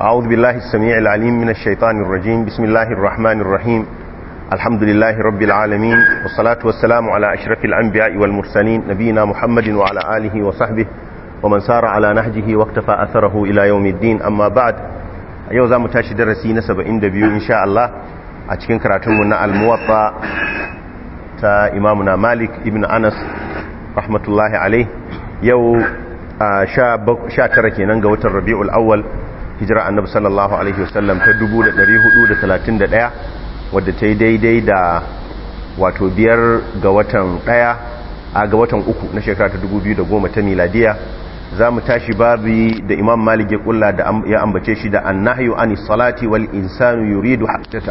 أعوذ بالله السميع العليم من الشيطان الرجيم بسم الله الرحمن الرحيم الحمد لله رب العالمين والصلاة والسلام على أشرف الأنبياء والمرسلين نبينا محمد وعلى آله وصحبه ومن سار على نهجه واقتفى أثره إلى يوم الدين أما بعد يوزا متاشد الرسي نسب اندبيو إن شاء الله أتكن كراتمنا الموطا تا إمامنا مالك ابن أنس رحمة الله عليه يو شا, شا تركي ننقوة الربيع الأول hijira annabi sallallahu alaihi wasallam ta 1431 wadda ta yi daidai da wato biyar ga watan daya a ga watan uku na shekara ta 2010 ta miladiya za mu tashi babi da imam malik ya kulla da ya ambace shi da annahyu ani salati wal insanu yuridu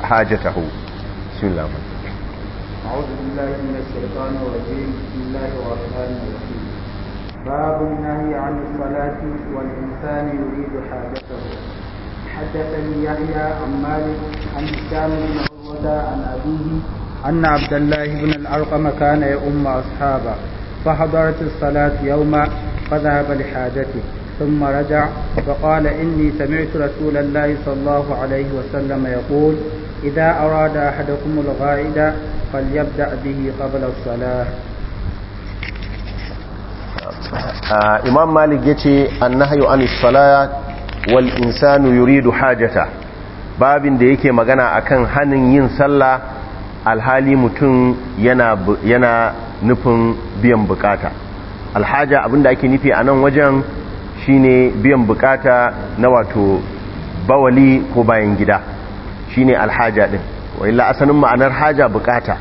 hajatahu bismillah a'udhu billahi minash الشيطان الرجيم بسم الله الرحمن الرحيم باب النهي عن الصلاة والإنسان يريد حاجته حدثني يحيى عن مالك عن هشام بن عروة عن أبيه أن عبد الله بن الأرقم كان يؤم أصحابه فحضرت الصلاة يوما فذهب لحاجته ثم رجع فقال إني سمعت رسول الله صلى الله عليه وسلم يقول إذا أراد أحدكم الغائد فليبدأ به قبل الصلاة imam malik ya ce an na hayo an salaya wal insanu yuridu hajata babin da yake magana akan hannun yin sallah alhali mutum yana nufin biyan bukata alhaja abinda ake nufi a nan wajen shine biyan bukata na wato bawali ko bayan gida shine alhaja din wa'illa la'asanin ma'anar haja bukata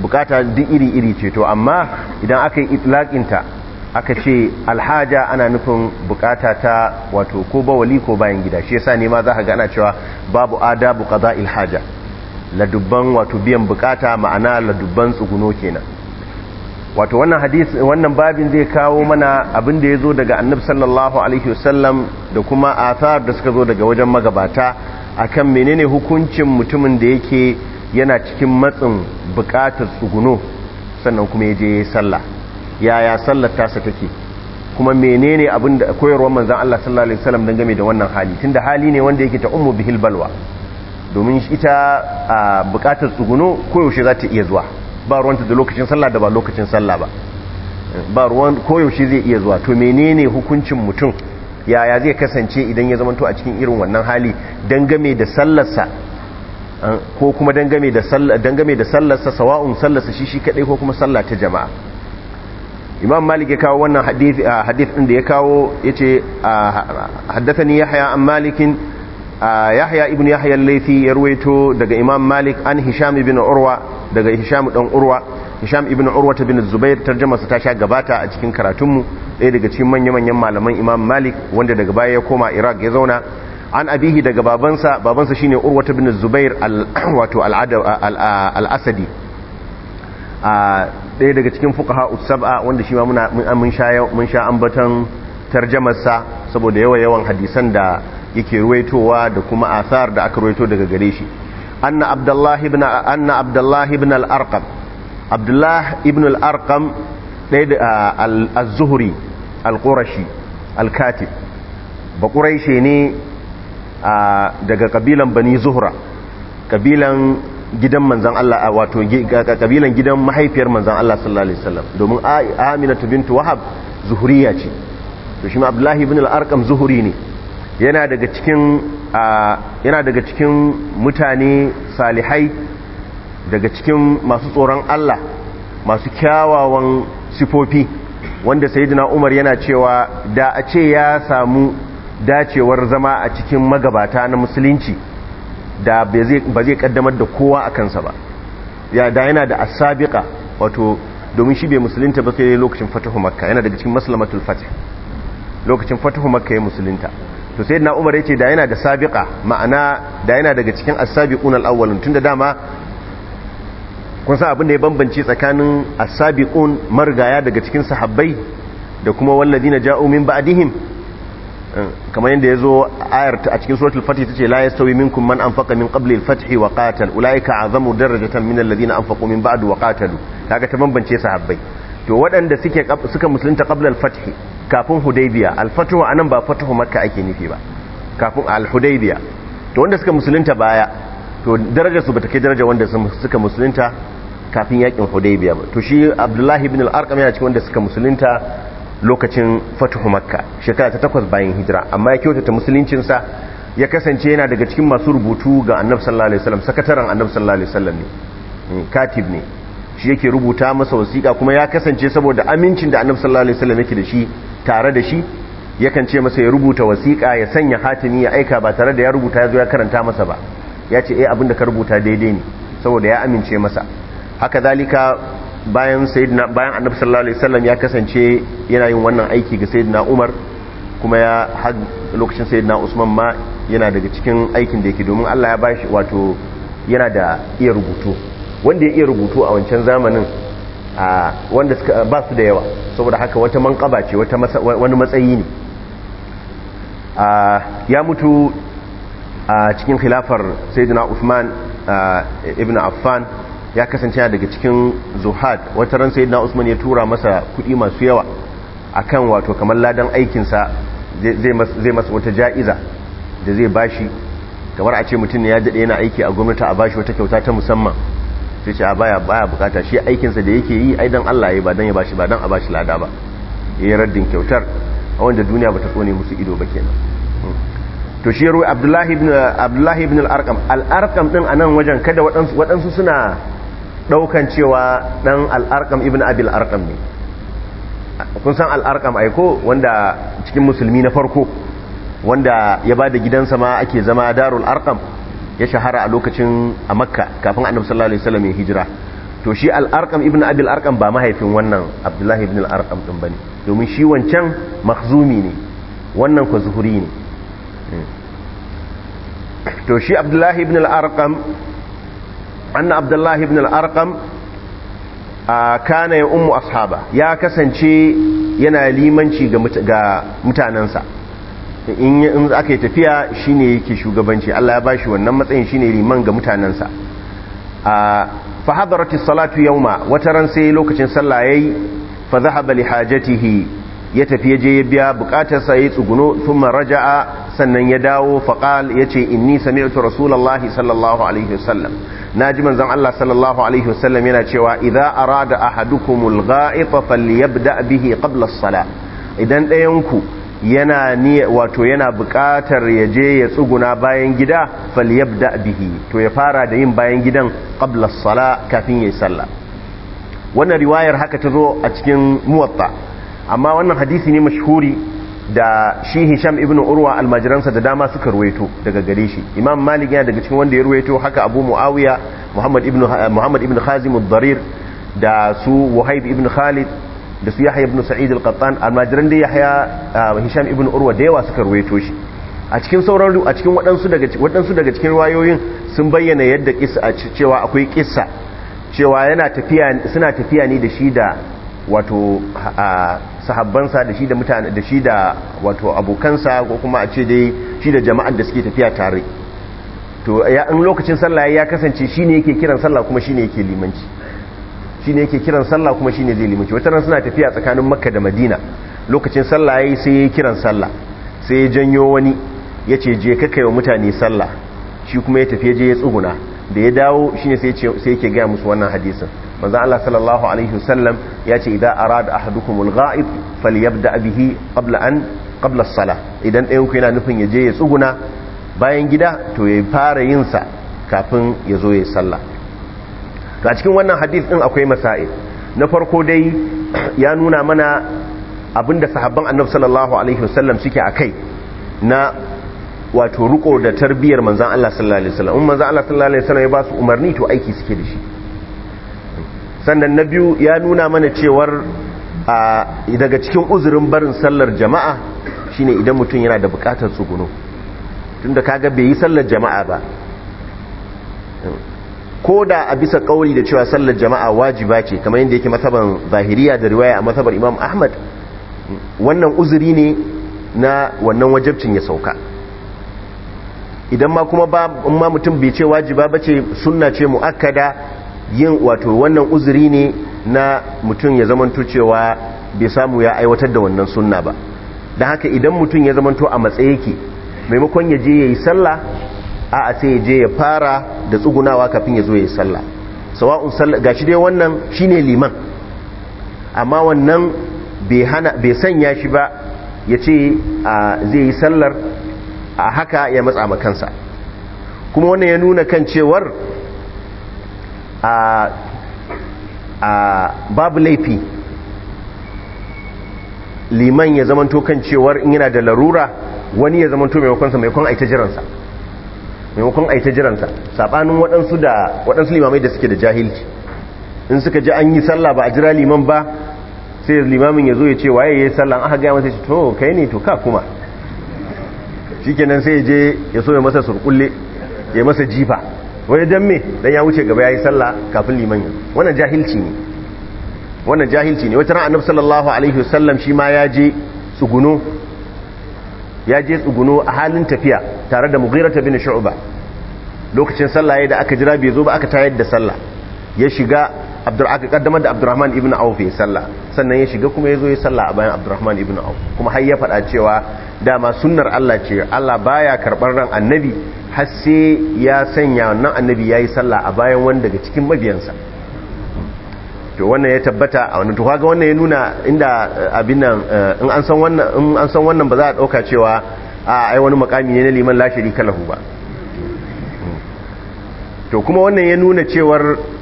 bukata duk iri-iri ce to amma idan aka yi itlaƙinta aka ce alhaja ana nufin bukata ta wato ko bawali ko bayan gida shi yasa ne ma za ka gana cewa babu adabu qada ilhaja ladubban wato biyan bukata ma'ana ladubban tsuguno kenan wato wannan hadis wannan babin zai kawo mana abin da yazo daga annabi sallallahu alaihi wasallam da kuma athar da suka zo daga wajen magabata akan menene hukuncin mutumin da yake yana cikin matsin bukatar tsuguno sannan kuma ya je sallah yaya sallar tasa take kuma menene abin da koyarwar manzon Allah sallallahu alaihi wasallam dangane da wannan hali tunda hali ne wanda yake ta ummu bihil balwa domin ita a bukatar tsuguno koyaushe za ta iya zuwa ba ruwanta da lokacin sallah da ba lokacin sallah ba ba ruwan koyaushe zai iya zuwa to menene hukuncin mutum yaya zai kasance idan ya zamanto a cikin irin wannan hali dangane da sallarsa ko kuma dangane da sallarsa sawa'un sallarsa shi shi kadai ko kuma sallah ta jama'a imam malik ya kawo wannan hadith ah, din da ya kawo yace ah, haddathani yahya an malikin ah, yahya ibn yahya al-laythi ya ruwaito daga imam malik an hisham ibn urwa daga hisham dan urwa hisham ibn urwa ta bin zubair tarjama sa ta sha gabata a cikin karatunmu ɗaya daga cikin manya-manyan malaman imam malik wanda daga baya ya koma iraq ya zauna an abihi daga babansa babansa shine urwa ta bin zubair wato al-asadi a ɗaya daga cikin fuqaha sab'a wanda shi ma muna mun sha ambatan tarjamarsa saboda yawa yawan hadisan da yake ruwaitowa da kuma asar da aka ruwaito daga gare shi anna abdullahi ibn al-arqam al-arqam al al-katib ba shi ne daga kabilan bani zuhra kabilan gidan manzan Allah wato kabilan gidan mahaifiyar manzan Allah sallallahu alaihi wasallam domin Aminatu bint Wahab zuhuriya ce to shi ma Abdullahi ibn al-Arqam zuhuri ne yana daga cikin yana daga cikin mutane salihai daga cikin masu tsoron Allah masu kyawawan sifofi wanda sayyidina Umar yana cewa da a ce ya samu dacewar zama a cikin magabata na musulunci da ba zai kaddamar da kowa a kansa ba ya da yana da asabiqa wato domin shi bai musulunta ba sai lokacin fatahu makka yana daga cikin maslamatul fatih lokacin fatahu makka ya musulunta to sai umar yace da yana da sabiqa ma'ana da yana daga cikin asabiqun sabiqun al-awwalun tunda dama kun san abin da ya bambance tsakanin asabiqun marigaya daga cikin sahabbai da kuma walladina ja'u min ba'dihim kamar yadda ya zo ayar a cikin suratul fatih tace la yastawi minkum man anfaqa min qabli al-fath wa qatal ulaika azamu darajatan min alladhina anfaqu min ba'd wa qatalu kaga ta bambance sahabbai to waɗanda suke suka musulunta qabla al-fath kafin hudaybiya al-fath anan ba fath makka ake nufi ba kafin al-hudaybiya to wanda suka musulunta baya to darajarsu su bata kai daraja wanda suka musulunta kafin yakin hudaybiya ba to shi abdullahi ibn al-arqam yana cikin wanda suka musulunta lokacin fatuhu makka shekara ta takwas bayan hijira amma ya kyautata musuluncinsa ya kasance yana daga cikin masu rubutu ga annab sallallahu alaihi wasallam sakataren annab sallallahu alaihi wasallam ne hmm, katib ne shi yake rubuta masa wasiƙa kuma ya kasance saboda amincin da annab sallallahu alaihi wasallam yake da shi tare da shi yakan ce masa ya rubuta wasiƙa ya sanya hatimi ya aika ba tare da ya rubuta ya zo ya karanta masa ba ya ce eh abinda ka rubuta daidai ne saboda ya amince masa haka zalika bayan sayyidina bayan annabi sallallahu alaihi wasallam ya kasance yana yin wannan aiki ga sayyidina Umar kuma ya had lokacin sayyidina Usman ma yana daga cikin aikin da yake domin Allah ya bashi wato yana da iya rubutu wanda ya iya rubutu a wancan zamanin a wanda suka ba su da yawa saboda haka wata manqaba ce wata wani matsayi ne ya mutu a cikin khilafar sayyidina Uthman ibn Affan ya kasance daga cikin zuhad wata ran sayyidina usman ya tura masa kuɗi masu yawa akan wato kamar ladan aikinsa zai masa wata ja'iza da zai bashi kamar a ce mutum ne ya daɗe yana aiki a gwamnati a bashi wata kyauta ta musamman sai ce a baya baya bukata shi aikinsa da yake yi ai dan Allah ya ba dan ya bashi ba dan a bashi lada ba yi raddin kyautar a wanda duniya bata tsone musu ido ba kenan to shi ruwa Abdullahi ibn Abdullahi ibn al-Arqam al-Arqam din anan wajen kada waɗansu suna daukan cewa dan al'arqam ibn abil arqam ne kun san al'arqam aiko wanda cikin musulmi na farko wanda ya bada gidansa ma ake zama darul arqam ya shahara a lokacin a makka kafin annabi sallallahu alaihi wasallam ya hijira to shi al'arqam ibn abil arqam ba mahaifin wannan abdullahi ibn al'arqam din bane domin shi wancan makhzumi ne wannan ku zuhuri ne hmm. to shi abdullahi ibn al'arqam anna abdullahi ibn al a kana ya umu ashaba ya kasance yana limanci ga mutanensa in aka yi tafiya shine yake shugabanci Allah ya bashi wannan matsayin shine liman ga mutanensa fa hadarati salatu ma. wataran sai lokacin sallah yayi fa dhahaba li hajatihi ya tafi ya je ya biya bukatarsa ya tsuguno thumma raja'a sannan ya dawo faqal yace inni sami'tu rasulullahi sallallahu alaihi wasallam ji manzan Allah sallallahu alaihi wasallam yana cewa idza arada ahadukumul gha'ita falyabda bihi qabla as Sala. idan ɗayan yana ni wato yana bukatar ya je ya tsuguna bayan gida falyabda bihi to ya fara da yin bayan gidan qabla sala kafin yayi sallah wannan riwayar haka ta zo a cikin muwatta amma wannan hadisi ne mashhuri da shi hisham ibn urwa almajiransa da dama suka ruwaito daga gare shi imam malik yana daga cikin wanda ya ruwaito haka abu muawiya muhammad ibn muhammad ibn khazim ad-darir da su wahib ibn khalid da su yahya ibn sa'id al-qattan almajiran da yahya hisham ibn urwa da yawa suka ruwaito shi a cikin sauran a cikin waɗansu daga waɗansu daga cikin riwayoyin sun bayyana yadda kissa cewa akwai kissa cewa yana tafiya suna tafiya ne da shi da wato sahabbansa da shi da mutane da shi da wato abokansa ko kuma a ce dai shi da jama'ar da suke tafiya tare to ya in lokacin sallah ya kasance shine yake kiran sallah kuma shine yake limanci shine yake kiran sallah kuma shine zai limanci wata ran suna tafiya tsakanin Makka da Madina lokacin sallah yayi sai yayi kiran sallah sai ya janyo wani yace je ka kaiwa wa mutane sallah shi kuma ya tafi je ya tsuguna da ya dawo shine sai sai yake ga musu wannan hadisin manzo Allah sallallahu alaihi wasallam ya ce idan arada ahadukumul ghaib falyabda bihi qabla an qabla as-salah idan dai yana nufin ya je ya tsuguna bayan gida to ya fara yin sa kafin ya zo ya sallah to a cikin wannan hadith din akwai masail na farko dai ya nuna mana abinda sahabban annabi sallallahu alaihi wasallam suke akai na wato riko da tarbiyar manzon Allah sallallahu alaihi wasallam in manzon Allah sallallahu alaihi wasallam ya ba su umarni to aiki suke da shi sannan na biyu ya nuna mana cewar a daga cikin uzurin barin sallar jama'a shine idan mutum yana da bukatar tsuguno tunda kaga bai yi sallar jama'a ba ko da a bisa kauri da cewa sallar jama'a wajiba ce kamar yadda yake masaban zahiriya da riwaya a masabar imam ahmad wannan uzuri ne na wannan wajabcin ya sauka idan ma kuma ba mutum bai ce wajiba ba ce sunna ce mu'akkada yin wato wannan uzuri ne na mutum ya zamanto cewa bai samu ya aiwatar da wannan sunna ba don haka idan mutum ya zamanto a matsayi yake maimakon ya je ya yi sallah a a sai ya je ya fara da tsugunawa kafin ya zo ya yi sallah sawa'un sallah ga shi dai wannan shi ne liman amma wannan bai sanya shi ba ya ce zai yi sallar a haka ya matsa makansa kuma wannan ya nuna kan cewar babu laifi liman ya zamanto kan cewar in yana da larura wani ya zamanto maimakonsa maimakon aita jiransa maimakon aita jiransa saɓanin waɗansu da limamai da suke da jahilci in suka ji an yi sallah ba a jira liman ba sai limamin ya zo ya ce waye ya yi sallah aka gaya masa ce to kai ne to ka kuma shikenan sai ya je ya so ya masa surkulle ya masa jifa wai dan me dan ya wuce gaba yayi sallah kafin liman ya wannan jahilci ne wannan jahilci ne wata ran annabi sallallahu alaihi wasallam shi ma ya je tsuguno ya je tsuguno a halin tafiya tare da ta bin shu'ba lokacin sallah yayin da aka jira bai zo ba aka tayar da sallah ya shiga aka kaddamar da abdurrahman ibn auf ya salla sannan ya shiga kuma ya zo ya salla a bayan abdurrahman ibn auf kuma har ya faɗa cewa dama sunnar allah ce allah baya karɓar ran annabi har sai ya sanya wannan annabi ya yi salla a bayan wani daga cikin mabiyansa to wannan ya tabbata a wannan to kaga wannan ya nuna inda eh, abin nan eh, in an san wannan in an san wannan ba za a dauka cewa a ai wani makami ne na liman la sharika lahu ba to kuma wannan ya nuna cewar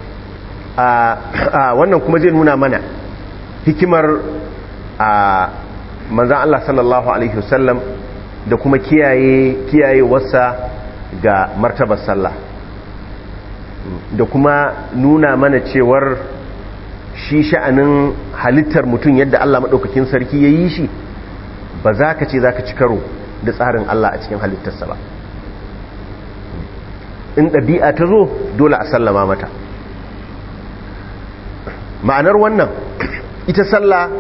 wannan kuma zai nuna mana hikimar manzan Allah sallallahu Alaihi wasallam da kuma kiyaye wasa ga martabar sallah da kuma nuna mana cewar shi sha'anin halittar mutum yadda Allah maɗaukakin sarki ya yi shi ba za ka ce za ka ci karo da tsarin Allah a cikin halittarsa ba in ɗabi'a ta zo dole a sallama mata ma'anar wannan ita sallah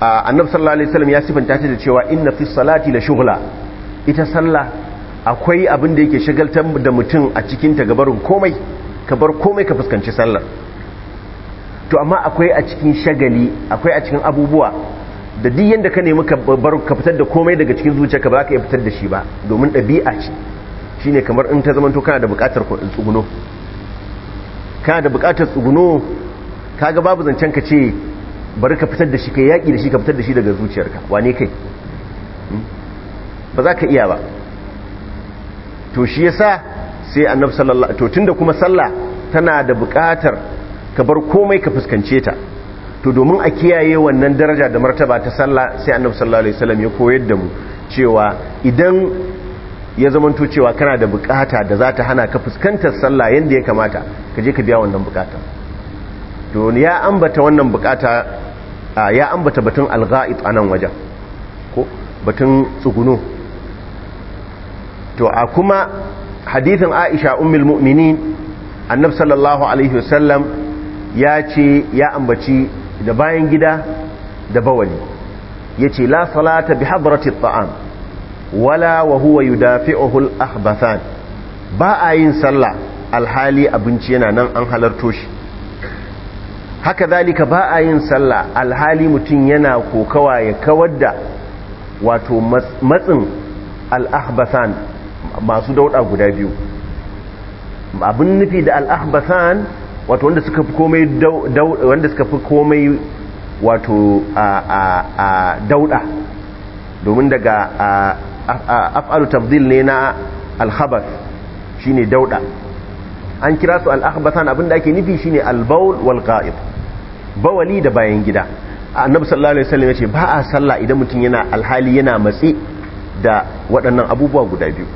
annab sallallahu alaihi wasallam ya sifanta ta da cewa inna fi salati la shughla ita salla akwai abin da yake shagaltar da mutum a cikin ta gabarun komai ka bar komai ka fuskanci sallar to amma akwai a cikin shagali akwai a cikin abubuwa da duk yanda ka nemi ka bar ka fitar da komai daga cikin zuciyarka ba ka iya fitar da shi ba domin ɗabi'a ce shine kamar in ta zamanto kana da buƙatar ku tsuguno kana da buƙatar tsuguno kaga babu zancen ka ce bari ka fitar da shi ka yaki da shi ka fitar da shi daga zuciyarka wane kai hmm? ba za ka iya ba to shi yasa sai annab sallallahu to tunda kuma sallah tana da buƙatar ka bar komai ka fuskance ta to domin a kiyaye wannan daraja da martaba ta sallah sai annab sallallahu alaihi wasallam ya koyar da mu cewa idan ya zamanto cewa kana da bukata da za ta hana ka fuskantar sallah yadda ya kamata ka je ka biya wannan bukatar to ya ambata wannan bukata ya ambata batun alga'id a nan wajen ko batun tsuguno to a kuma hadithin aisha ummul mu'minin annab sallallahu alaihi wasallam ya ce ya ambaci da bayan gida da bawali ya ce la salata bi habrati ta'am wala wa huwa yudafi'uhu al-ahbathan ba a yin sallah alhali abinci yana nan an halarto shi haka zalika ba a yin sallah alhali mutum yana kokawa ya kawar da wato matsin al'ahbasan masu dauda guda biyu abin nufi da al'ahbasan wato wanda suka fi komai wanda suka fi komai wato a dauda domin daga af'alu tafdil ne na alhabas shine dauda an kira su al-ahbasan abinda ake nufi shine al-bawl wal qa'id bawali da bayan gida annabi sallallahu alaihi wasallam yace ba a sallah idan mutum yana alhali yana matsi da waɗannan abubuwa guda biyu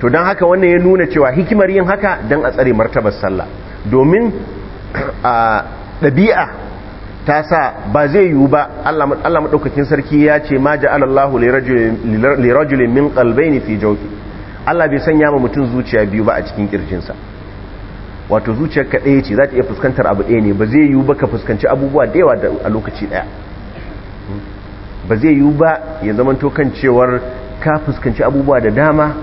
to don haka wannan ya nuna cewa hikimar yin haka dan a tsare martabar sallah domin a ɗabi'a ta sa ba zai yiwu ba Allah maɗaukakin sarki ya ce ma ja'alallahu Allahu lirajulin min qalbayni fi jawfi Allah bai sanya ma mutum zuciya biyu ba a cikin kirjinsa wato zuciyar ka ɗaya ce za ta iya fuskantar abu ɗaya ne ba zai yiwu ba ka fuskanci abubuwa da yawa a lokaci ɗaya ba zai yiwu ba ya zama kan cewar ka fuskanci abubuwa da dama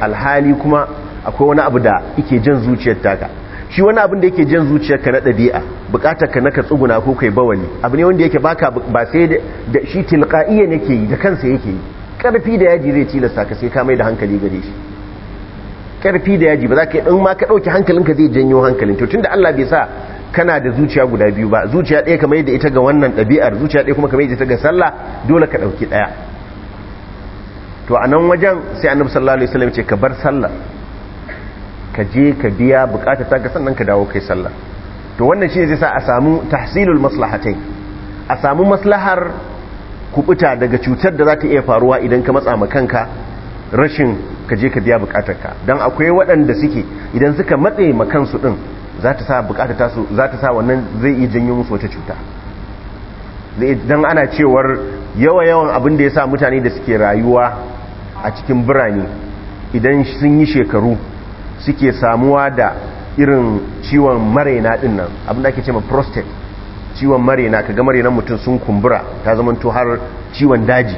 alhali kuma akwai wani abu da ike jan zuciyar taka shi wani abin da yake jan zuciyar ka na ɗabi'a bukatar ka na ka tsuguna ko kai bawali abu ne wanda yake baka ba sai da shi tilqa'iyyan yake yi da kansa yake yi ƙarfi da yaji zai tilasta ka sai ka mai da hankali gare shi karfi da yaji ba za ka yi in ma ka hankalin ka zai janyo hankalin to da Allah bai sa kana da zuciya guda biyu ba zuciya ɗaya kamar yadda ita ga wannan ɗabi'ar zuciya ɗaya kuma kamar yadda ita ga sallah dole ka ɗauki ɗaya to a nan wajen sai annabi sallallahu alaihi wasallam ce ka bar sallah ka je ka biya bukata ta ka sannan ka dawo kai sallah to wannan shine zai sa a samu tahsilul maslahatain a samu maslahar kubuta daga cutar da za ta iya faruwa idan ka matsa ma kanka rashin kaje ka biya bukatarka don akwai waɗanda suke idan suka matse makansu ɗin za ta sa bukatar tasu za ta sa wannan zai iya janyo musu wata cuta don ana cewar yawa-yawan abin da ya sa mutane da suke rayuwa a cikin birane idan sun yi shekaru suke samuwa da irin ciwon maraina ɗin nan abin da ake ce ma prostate ciwon maraina ka ga maraina mutum sun kumbura ta to har ciwon daji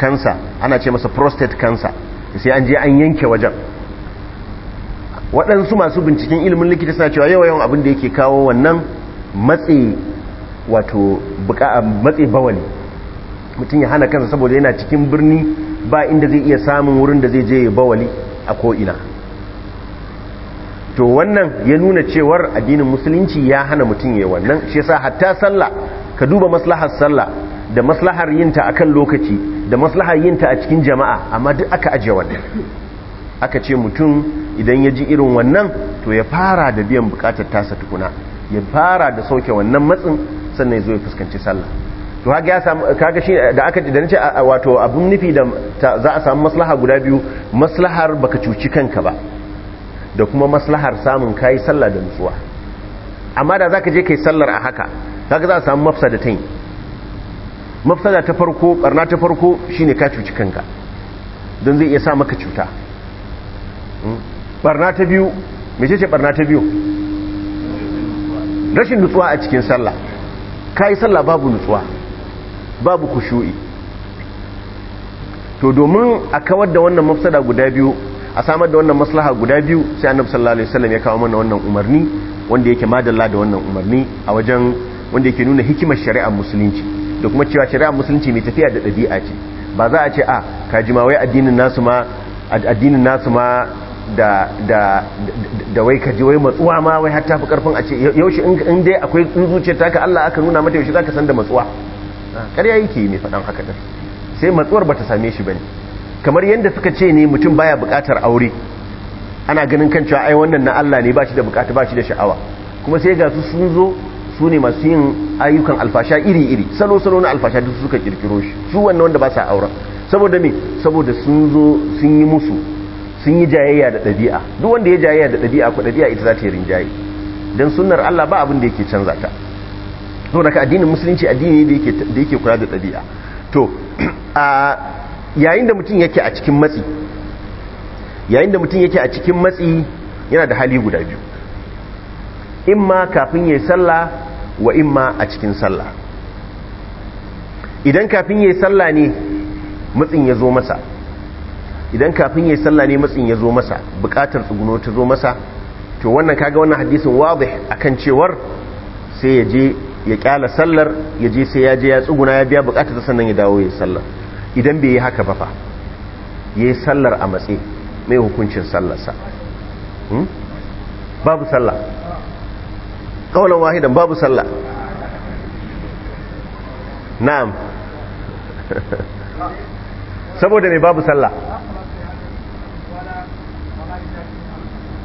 kansa ana ce masa prostate cancer sai an je an yanke wajen waɗansu masu binciken ilimin likita suna cewa yawa yawan abin da yake kawo wannan matse wato matse bawali mutum ya hana kansa saboda yana cikin birni ba inda zai iya samun wurin da zai je ya bawali a ko'ina to wannan ya nuna cewar addinin musulunci ya hana mutum ya yi wannan shi ya yasa hatta sallah ka duba maslahar sallah da maslahar yinta a kan lokaci da maslahar yinta a cikin jama'a amma duk aka ajiye wannan aka ce mutum idan ya ji irin wannan to ya fara da biyan bukatar tasa tukuna ya fara da sauke wannan matsin sannan ya zo ya fuskanci sallah to haka ya samu kaga shi da aka da nace wato abun nufi da za a samu maslaha guda biyu maslahar baka cuci kanka ba da kuma maslahar samun kai sallah da nutsuwa amma da zaka je kai sallar a haka kaga za a samu yi. mafsada ta farko barna ta farko shine ka cuci kanka don zai iya sa maka cuta hmm? barna ta biyu mece ce barna ta biyu rashin nutsuwa a cikin sallah ka yi sallah babu nutsuwa babu kushu'i to domin a kawar da wannan mafsada guda biyu a samar da wannan maslaha guda biyu sai annabi sallallahu alaihi wasallam ya kawo mana wannan umarni wanda yake madalla da wannan umarni a wajen wanda yake nuna hikimar shari'ar musulunci da kuma cewa shari'a musulunci mai tafiya da ɗabi'a ce ba za a ce a ah, kajimawai addinin nasu ma addinin nasu ma da da da wai kaji wai matsuwa ma wai hatta fi karfin a ce yaushe in dai akwai ta taka Allah aka nuna mata yaushe zaka san da matsuwa ah, ƙarya yake mai faɗan haka din sai matsuwar bata same shi bane kamar yadda suka ce ne mutum baya buƙatar aure ana ganin kan cewa ai wannan na Allah ne ba shi da buƙata ba shi da sha'awa kuma sai ga su sun zo su ne masu yin ayyukan alfasha iri-iri salo-salo na alfasha duk suka kirkiro shi su wannan wanda ba sa auren saboda me saboda sun zo sun yi musu sun yi jayayya da ɗabi'a duk wanda ya jayayya da ɗabi'a ko ɗabi'a ita za ta yi rinjaye don sunnar Allah ba abin da yake canza ta to daga addinin musulunci addini ne da yake kula da ɗabi'a to a yayin da mutum yake a cikin matsi yayin da mutum yake a cikin matsi yana da hali guda biyu in ma kafin ya yi sallah wa ma a cikin sallah idan kafin yi sallah ne matsin ya zo masa idan kafin yi sallah ne matsin ya zo masa bukatar tsuguno ta zo masa to wannan kaga wannan hadisin a akan cewar sai ya je ya kyala sallar ya je sai ya je ya tsuguna ya biya bukatar ta sannan ya dawo ya sallar idan bai yi haka ba fa yayi sallar a matse mai hukuncin sallarsa hmm? babu sallah kawalan wahidan babu sallah na'am saboda ne babu sallah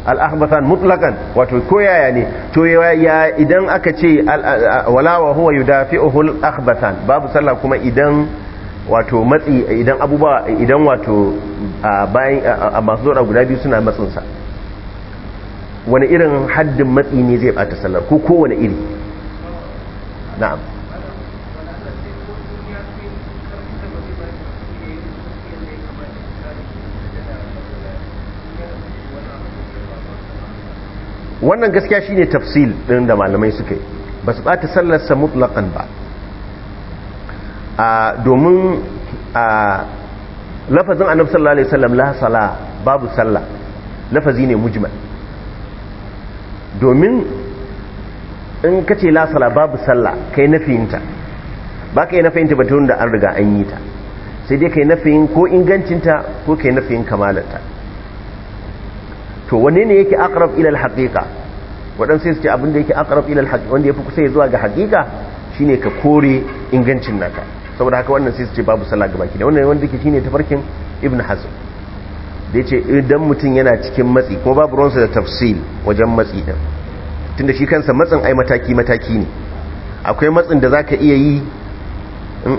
al'ahbatan mutlakan wato koyaya ne to ya idan aka ce wala wa huwa yudafi'uhul ahbatan babu sallah kuma idan wato matsi idan abubuwa idan wato bayan masu zora guda biyu suna matsinsa wani irin haddin matsi ne zai bata sallar ko kowane iri na'am wannan gaskiya shi ne tafsil ɗin da malamai suka yi ba su bata sallarsa mutlaƙan ba domin lafazin annabi sallallahu alaihi wasallam la sala babu sallah lafazi ne mujmal domin in ka ce lasala babu sallah kai nafiyinta ba ka yi nafiyinta ba ta wanda an riga an yi ta sai dai kai nafiyin ko ingancinta ko kai nafiyin kamalata to wanne ne yake akarab ilal haƙiƙa waɗansu wadan sai su ce abinda yake akarab ilal haƙiƙa wanda ya fi kusa zuwa ga haƙiƙa shine ka kore ingancin naka saboda haka wannan sai su ce babu sallah baki da wannan wanda yake shine tafarkin ibn hazm da ya ce idan mutum yana cikin matsi kuma babu ronsa da tafsil wajen matsi tun da shi kansa matsin ai mataki-mataki ne akwai matsin da za ka iya yi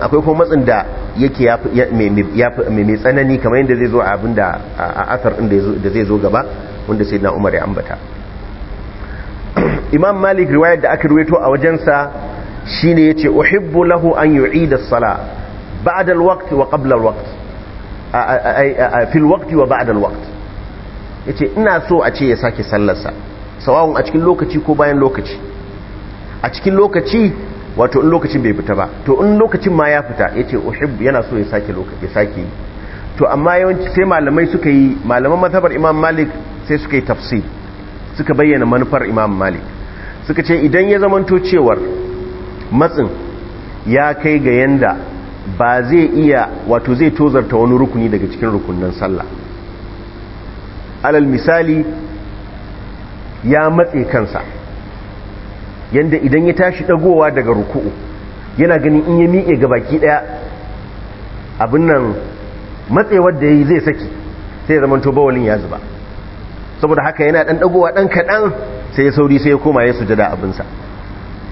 akwai kuma matsin da yake mai tsanani kamar yadda zai zo a abin da a asar da zai zo gaba wanda sai na umar ya ambata imam malik riwayar da aka ruweto a wajensa shine yace uhibbu lahu an yu'ida da sala ba'adal al wa qabla al fil waqti wa ba'da al waqt yace ina so a ce ya sallar sallarsa sawawun a cikin lokaci ko bayan lokaci a cikin lokaci wato in lokacin bai fita ba to in lokacin ma ya fita yace uhib yana so ya saki lokaci ya saki to amma yawanci sai malamai suka yi malaman mazhabar Imam Malik sai suka yi tafsir suka bayyana manufar Imam Malik suka ce idan ya zamanto cewar matsin ya kai ga yanda ba zai iya wato zai tozarta wani rukuni daga cikin rukunin sallah alal misali ya matse kansa yanda idan ya tashi dagowa daga ruku'u yana ganin in ya miƙe ga baki daya abin nan matsewar da ya zai saki sai zaman to bawalin ya zuba saboda haka yana dan dagowa dan kaɗan sai ya sauri sai ya koma ya sujada abinsa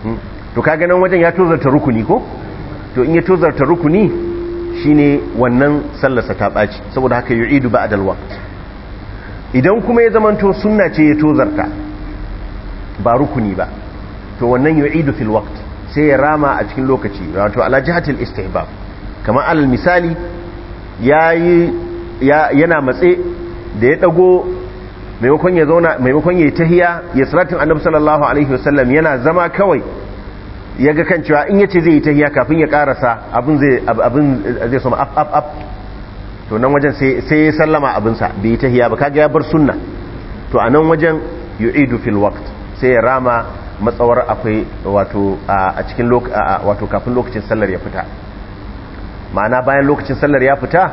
hmm? to kaga nan wajen ya tozarta rukuni ko to in ya tozarta rukuni shine wannan sallarsa ta ɓaci saboda haka yu'idu ba'dal waqt idan kuma ya zamanto sunna ce ya tozarta ba rukuni ba to wannan yu'idu fil waqt sai ya rama a cikin lokaci wato ala jihatil istihbab kamar alal misali yayi yana matse da ya dago maimakon ya zauna maimakon yi tahiya ya salatin annabi sallallahu alaihi wasallam yana zama kawai ya ga kan cewa in yace zai yi tahiya kafin ya karasa abin zai abin zai so ma ap ap to nan wajen sai sai ya sallama abin sa bai yi tahiya ba kaga ya bar sunna to a nan wajen yu'idu fil waqt sai ya rama matsawar akwai wato a cikin wato kafin lokacin sallar ya fita ma'ana bayan lokacin sallar ya fita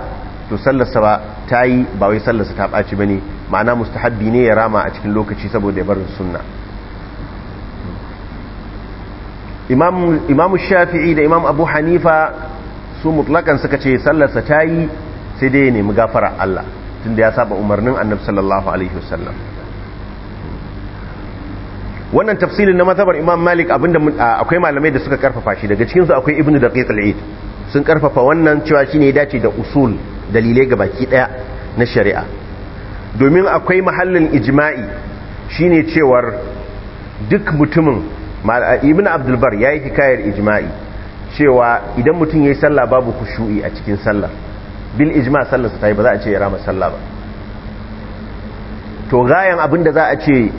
to sallarsa ba ta yi ba wai sallarsa ta baci ba ne ma'ana mustahabbi ne ya rama a cikin lokaci saboda ya barin sunna imamu shafi'i da imam abu hanifa su mutlakan suka ce sallarsa ta yi sai dai ya nemi gafara Allah tun da ya saba umarnin annabi sallallahu alaihi wasallam wannan tafsilin na mazhabar imam malik abinda akwai malamai da suka karfafa shi daga cikinsu akwai ibnu daqiq al-eid sun karfafa wannan cewa shine ya dace da usul dalilai ga baki ɗaya na shari'a domin akwai mahallin ijma'i shine cewar duk mutumin ibn abdulbar ya yi hikayar ijma'i cewa idan mutum ya yi sallah babu kushu'i a cikin sallah bil ijma sallarsa ta yi ba za a ce ya rama sallah ba to gayan abin da za a ce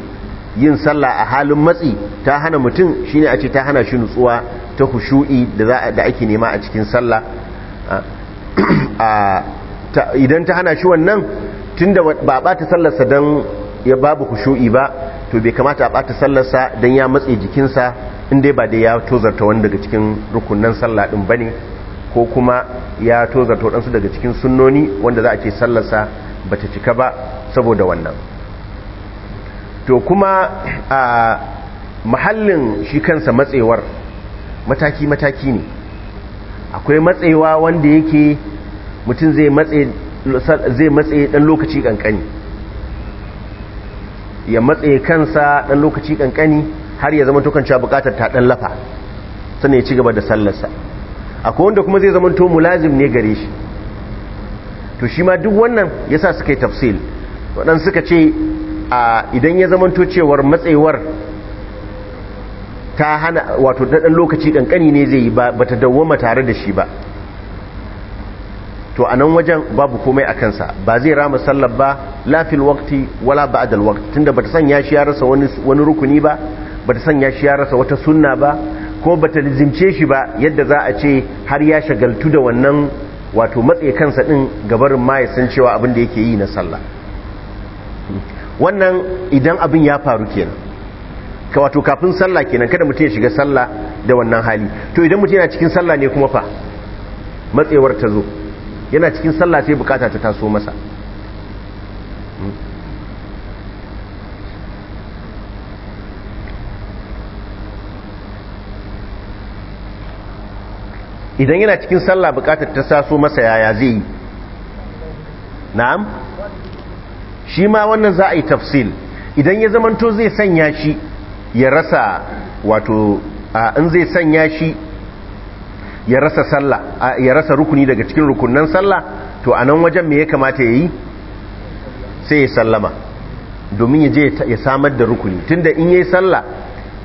yin sallah a halin matsi ta hana mutum shine a ce ta hana shi nutsuwa ta kushu'i da ake nema a cikin sallah idan ta hana shi wannan tunda ba ba ta sallarsa don ya babu kushu'i ba to bai kamata a bata sallarsa don ya matse jikinsa inda ba da ya tozarta wani daga cikin rukunan sallah din bane ko kuma ya tozarta waɗansu daga cikin sunnoni wanda za a ce sallarsa ba ta cika ba saboda wannan to kuma a mahallin shi kansa matsewar mataki-mataki ne akwai matsewa wanda yake mutum zai matse dan lokaci kankani ya matse kansa dan lokaci kankani har ya zama tukan cewa bukatar ta dan lafa sannan ya ci gaba da sallarsa akwai wanda kuma zai zama to mulazim ne gare shi to shi ma duk wannan yasa suka yi tafsil wadan suka ce idan ya zama to cewar matsewar ta hana wato dan lokaci kankani ne zai yi ba bata dawwama tare da shi ba to anan wajen babu komai a kansa ba zai rama sallar ba lafil wakti wala ba'dal wakti tunda bata sanya shi ya rasa wani wani rukuni ba bata sanya shi ya rasa wata sunna ba ko bata lizimce shi ba yadda za a ce har ya shagaltu da wannan wato matsayi kansa din gabarin ma ya san cewa abin da yake yi na sallah wannan idan abin ya faru kenan ka wato kafin sallah kenan kada mutum ya shiga sallah da wannan hali to idan mutum yana cikin sallah ne kuma fa matsewar ta zo yana cikin sallah sai bukata ta taso masa idan yana cikin sallah bukatar ta taso masa yaya zai yi na'am shi ma wannan za a yi tafsil idan ya zamanto zai sanya shi ya rasa wato in zai sanya shi ya rasa sallah ya rasa rukuni daga cikin rukunan sallah to a nan wajen me ya kamata ya yi sai ya sallama domin ya je ya samar da rukuni tunda in ya sallah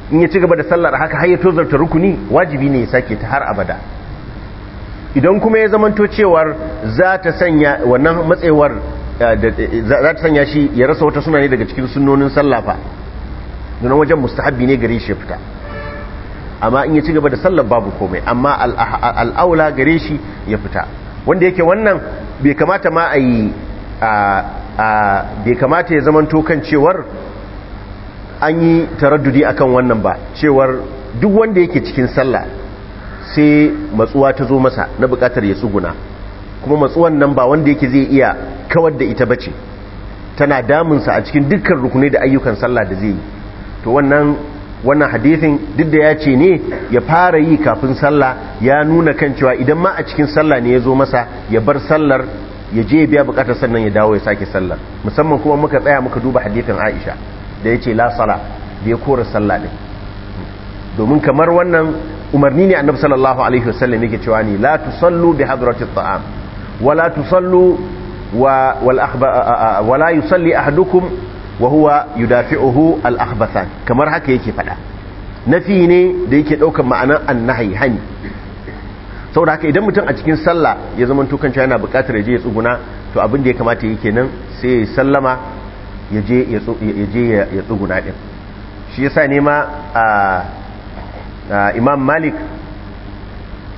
in ya ci gaba da sallar haka har ya tozarta rukuni wajibi ne ya sake ta har abada idan kuma ya zamanto cewar za ta sanya wannan matsayawar eh, za ta sanya shi ya rasa wata suna ne daga cikin sunnonin sallah fa don wajen mustahabbi ne gare shi fita amma in ya ci gaba da sallar babu komai amma al'aula gare shi ya fita wanda yake wannan bai kamata ma a yi bai kamata ya zama kan cewar an yi taraddudi akan wannan ba cewar duk wanda yake cikin sallah sai matsuwa ta zo masa na bukatar ya tsuguna kuma matsuwan nan ba wanda yake zai iya kawar da ita bace tana damunsa a cikin dukkan rukunai da ayyukan sallah da zai yi to wannan wannan hadithin duk da ya ce ne ya fara yi kafin sallah ya nuna kan cewa idan ma a cikin sallah ne ya zo masa ya bar sallar ya je biya bukatar sannan ya dawo ya sake sallar musamman kuma muka tsaya muka duba hadithin aisha da ya ce la sala da ya kora sallah ne domin kamar wannan umarni ne annabi sallallahu alaihi wasallam yake cewa ni la tusallu bi hadrati ta'am wala tusallu wa wal akhba wala yusalli ahadukum Wahuwa huwa yudafi'uhu al-akhbathan kamar haka yake fada nafi ne da yake daukar ma'anar annahi hani saboda haka idan mutum a cikin sallah ya zama tukan cewa yana buƙatar ya je ya tsuguna to abin da ya kamata yake nan sai ya sallama ya je ya tsuguna din shi yasa ne ma a imam malik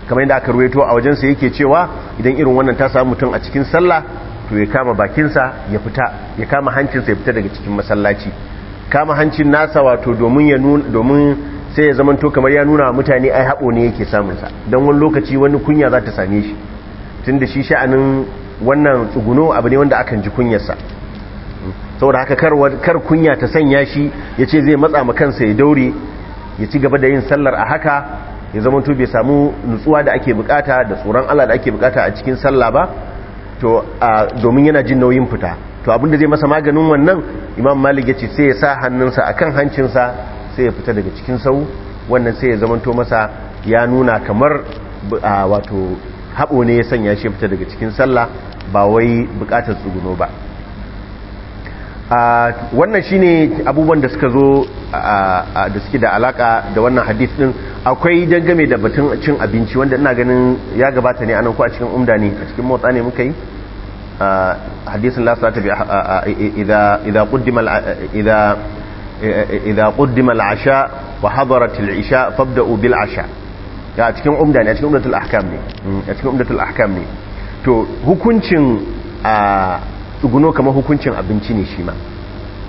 kamar yadda aka ruwaito a wajen sa yake cewa idan irin wannan ta samu mutum a cikin sallah to ya kama bakinsa ya fita ya kama hancinsa ya fita daga cikin masallaci kama hancin nasa wato domin ya nuna domin sai ya zamanto kamar ya nuna mutane ai hako ne yake samun sa dan wani lokaci wani kunya za ta same shi tunda shi sha'anin wannan tsuguno abu ne wanda akan ji kunyar sa saboda haka kar kunya ta sanya shi ya ce zai matsa ma kansa ya daure ya ci gaba da yin sallar a haka ya zamanto bai samu nutsuwa da ake bukata da tsoron allah da ake bukata a cikin sallah ba to domin yana jin nauyin fita to abinda zai masa maganin wannan imam malik ya ce sai ya sa hannunsa a kan hancinsa sai ya fita daga cikin sau wannan sai ya zamanto masa ya nuna kamar wato haɓo ne ya sanya shi fita daga cikin sallah ba wai buƙatar tsuguno ba wannan shine abubuwan da suka zo da suke da alaka da wannan hadith din akwai dangame da batun cin abinci wanda ina ganin ya gabata ne anan ko a cikin umda ne a cikin motsa ne muka yi hadithin la salata bi idza idza qaddima al-asha wa hadarat al-isha fabda'u bil asha ya cikin umda ne a cikin umdatul ahkam ne hmm, a cikin umdatul ahkam ne to hukuncin tsuguno kamar hukuncin abinci ne shi ma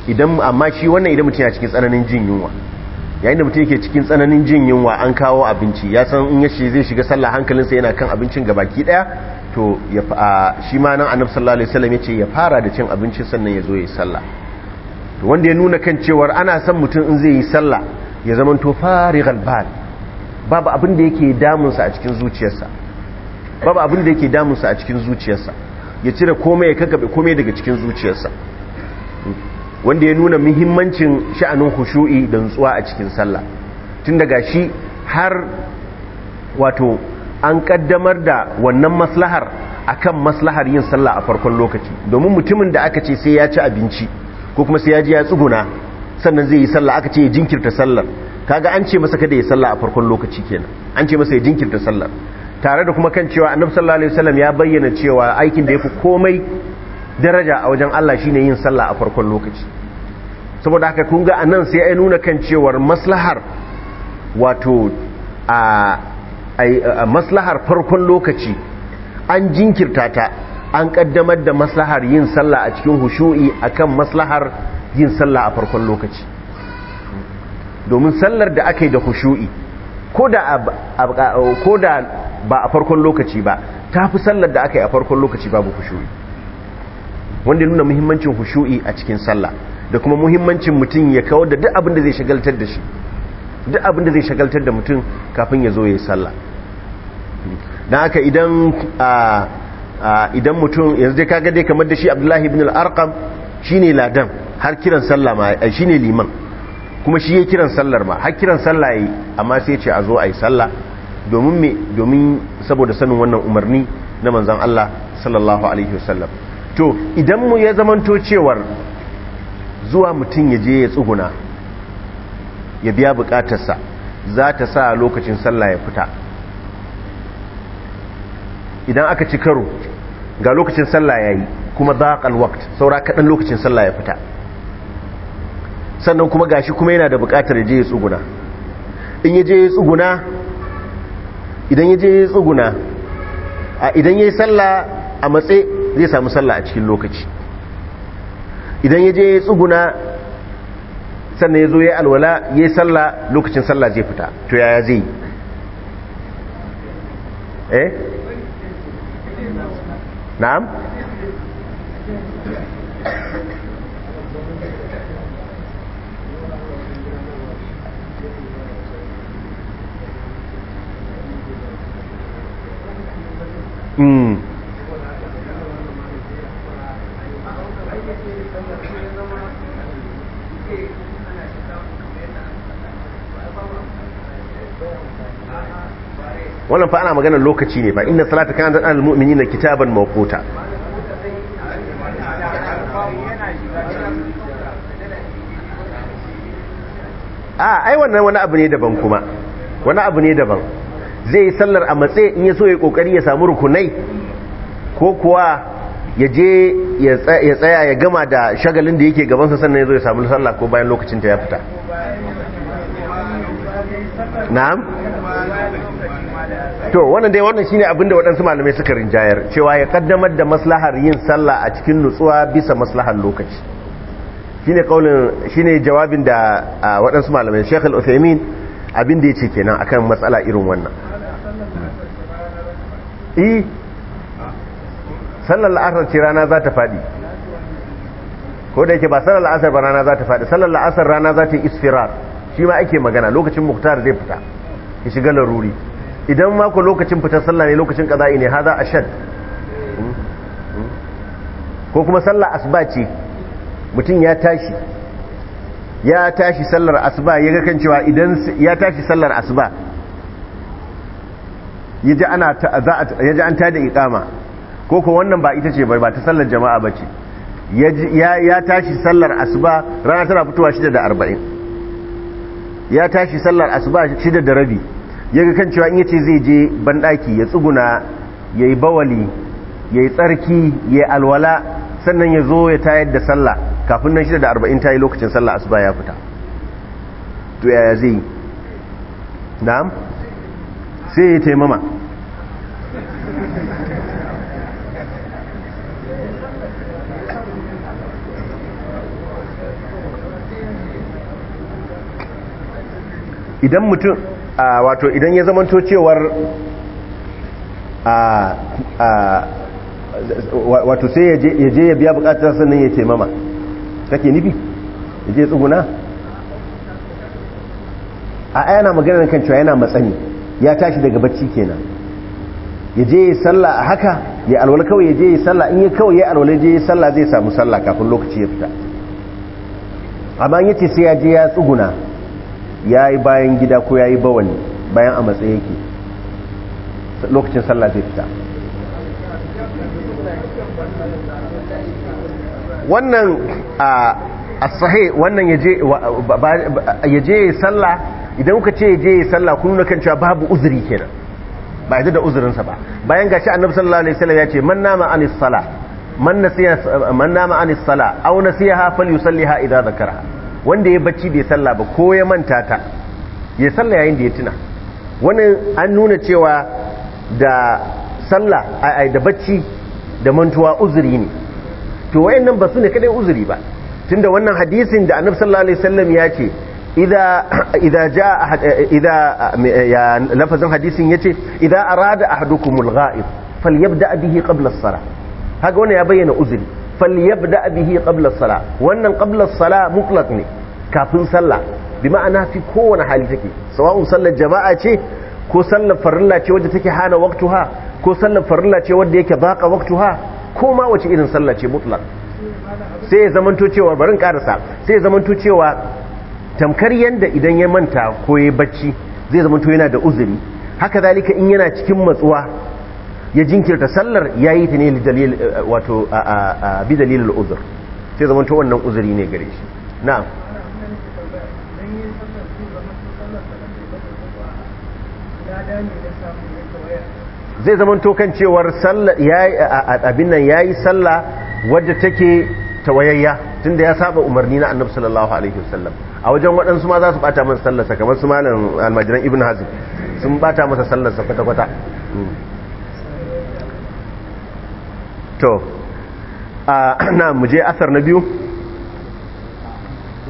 idan amma shi wannan idan mutum ya cikin tsananin jin yunwa yayin da mutum yake cikin tsananin jin yunwa an kawo abinci ya san in shi zai shiga sallah hankalinsa yana kan abincin gabaki daya to ya shi ma nan annabi sallallahu alaihi wasallam yace ya fara da cin abinci sannan ya zo ya sallah to wanda ya nuna kan cewar ana san mutum in zai yi sallah ya zamanto to farighal bal babu abin da yake damunsa a cikin zuciyarsa babu abin da yake damunsa a cikin zuciyarsa ya cire komai ya kakabe komai daga cikin zuciyarsa wanda ya nuna muhimmancin sha'anin hushu'i da nutsuwa a cikin sallah tun daga shi har wato an kaddamar da wannan maslahar akan maslahar yin sallah a farkon lokaci domin mutumin da aka ce sai ya ci abinci ko kuma sai ya ji ya tsuguna sannan zai yi sallah aka ce ya jinkirta sallar kaga an ce masa kada ya sallah a farkon lokaci kenan an ce masa ya jinkirta sallar tare da kuma kan cewa annabi sallallahu alaihi wasallam ya bayyana cewa aikin da yafi komai daraja a wajen Allah shine yin sallah a farkon lokaci saboda haka kun ga anan sai ai nuna kan cewar maslahar wato a maslahar farkon lokaci an jinkirta ta an kaddamar da maslahar yin sallah a cikin hushu'i akan maslahar yin sallah a farkon lokaci domin sallar da aka da hushu'i ko da ba a farkon lokaci ba ta fi sallar da aka yi a farkon lokaci babu hushu'i wanda nuna muhimmancin hushu'i a cikin salla da kuma muhimmancin mutum ya kawar da duk abin da zai shagaltar da shi duk abin da zai shagaltar da mutum kafin ya zo ya yi sallah na aka idan mutum yanzu dai kaga dai kamar da shi abdullahi ibn al-arqam shine ladan har kiran sallah ma eh, shine liman kuma shi ya kiran sallar ma har kiran sallah yi amma sai ce a zo a yi sallah domin me domin saboda sanin wannan umarni na manzon Allah sallallahu alaihi wasallam to idan mu ya zamanto cewar zuwa mutum ya je ya tsuguna ya biya bukatarsa za ta sa lokacin sallah ya fita idan aka ci karo ga lokacin sallah ya yi kuma zaƙal waqt saura kaɗan lokacin sallah ya fita sannan kuma gashi kuma yana da buƙatar ya je ya tsuguna in ya je ya tsuguna idan ya je ya tsuguna idan ya yi sallah a matse zai samu sallah a cikin lokaci idan ya je ya tsuguna sannan ya zo ya alwala ya yi sallah lokacin sallah zai fita to yaya zai yi eh? na'am Hmm. wannan fa ana maganar lokaci ne ba inda salata kana dan na kitaban mawquta a ah, ai wannan wani abu ne daban kuma wani abu ne daban zai yi sallar a matse in ya so ya kokari ya samu rukunai ko kuwa ya je ya tsaya ya gama da shagalin da yake gabansa sannan ya zo ya samu sallah ko bayan lokacin ta ya fita na'am to wannan dai wannan shine abinda waɗansu malamai suka rinjayar cewa ya kaddamar da maslahar yin sallah a cikin nutsuwa bisa maslahar lokaci shine kaulin shine jawabin da waɗansu malamai Sheikh Al-Uthaymeen abinda ce kenan akan matsala irin wannan eh sallar la'asar ce rana za ta faɗi ko da yake ba sallar la'asar ba rana za ta faɗi sallar la'asar rana za ta yi isfirar shi ma ake magana lokacin muktar zai fita ya shiga laruri idan mako lokacin fitar sallah ne lokacin kaza'i ne haza ashad hmm? Hmm? ko kuma sallar asuba ce mutum ya tashi ya tashi sallar asuba ya ga kan cewa idan ya tashi sallar asuba yaji ana yaji an tada iqama ko ko wannan ba ita ce ba ta sallar jama'a ba ce ya tashi sallar asuba rana tana fitowa 6:40 ya tashi sallar asuba shida da rabi yaga kan cewa in yace zai je bandaki ya tsuguna yayi bawali yayi tsarki yayi alwala sannan ya zo ya tayar da sallah kafin nan 6:40 yi lokacin sallar asuba ya fita to yaya zai na'am sai ya taimama idan mutum wato idan ya zamanto cewar wato sai ya je ya biya bukatar sannan ya taimama kake nufi ya je tsuguna a yana maganar kan cewa yana matsani ya tashi daga bacci kenan ya je ya sallah a haka ya alwala kawai ya je ya sallah in yi kawai ya alwala je ya sallah zai samu sallah kafin lokaci ya fita amma ce sai ya je ya tsuguna ya yi bayan gida ko ya yi bawani bayan a matsayi yake lokacin sallah zai fita wannan a sahi wannan ya je ya sallah idan kuka ce je ya sallah kun nuna kan babu uzuri kenan ba yadda da uzurinsa ba bayan gashi annabi sallallahu alaihi wasallam ya ce man nama anis sala man nasiya man nama anis sala aw nasiha falyusalliha idza wanda ya bacci bai sallah ba ko ya manta ta ya sallah yayin da ya tuna wannan an nuna cewa da sallah ai da bacci da mantuwa uzuri ne to wayannan ba su ne kadai uzuri ba tunda wannan hadisin da annabi sallallahu alaihi wasallam ya ce idha jaa idha ya lafazin hadisin yace idha arada ahadukumul ghaib falyabda bihi qabla as-salah haka wannan ya bayyana uzuri falyabda bihi qabla as wannan qabla as-salah ne kafin sallah bi ma'ana fi kowane hali take sawa'un sallar jama'a ce ko sallar farilla ce wadda take hana waqtuha ko sallar farilla ce wadda yake baka waqtuha ko ma wace irin sallah ce mutlaq sai ya zamanto barin karasa sai ya zamanto tamkar yadda idan ya manta ko ya bacci zai zama to yana da uzuri haka zalika in yana cikin matsuwa ya jinkirta sallar ya yi ta ne bi dalilin uzur sai zama to wannan uzuri ne gare shi na'am zai zama to kan cewar abin nan ya yi sallah wadda take tawayayya tunda ya saba umarni na annabi sallallahu alaihi wasallam a wajen waɗansu ma za su bata masa sallarsa kamar su malam almajiran ibn hazm sun bata masa sallarsa kwata-kwata hmm. to na mu je asar na biyu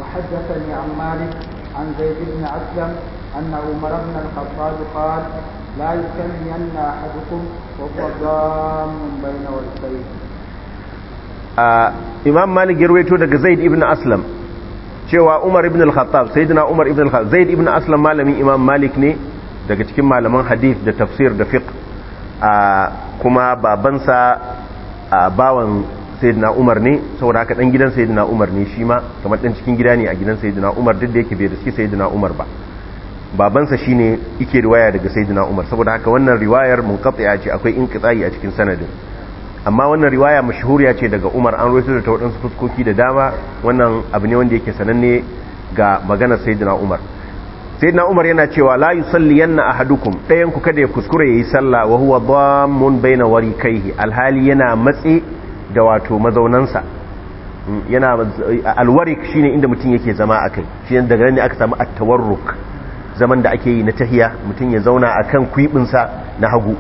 وحدثني عن مالك عن زيد بن أسلم أن عمر بن الخطاب قال لا يكلمن أحدكم وهو ضام بين والسيف imam malik ya rawaito daga zaid ibn aslam cewa umar ibn al-khattab sayyidina umar ibn al-khattab zaid ibn aslam malamin imam malik ne daga cikin malaman hadith da tafsir da fiqh kuma babansa bawan sayyidina umar ne saboda haka dan gidan sayyidina umar ne shi ma kamar dan cikin gida ne a gidan sayyidina umar duk da yake bai shi sayyidina umar ba babansa shine yake riwaya daga sayyidina umar saboda haka wannan riwayar munqati'a ce akwai inqita'i a cikin sanadin amma wannan riwaya mashahuriya ce daga umar an roito da ta waɗansu fuskoki da dama wannan abu ne wanda yake sananne ga maganar sayyidina umar sayyidina umar yana cewa la a ahadukum ɗayan ku kada ya kuskure yayi sallah wa huwa dhammun baina warikaihi alhali yana matse da wato mazaunansa mm, yana alwarik shine inda mutum yake zama a akai shi daga ne aka samu at-tawarruk zaman da ake yi na tahiya mutum ya zauna akan kwibinsa na hagu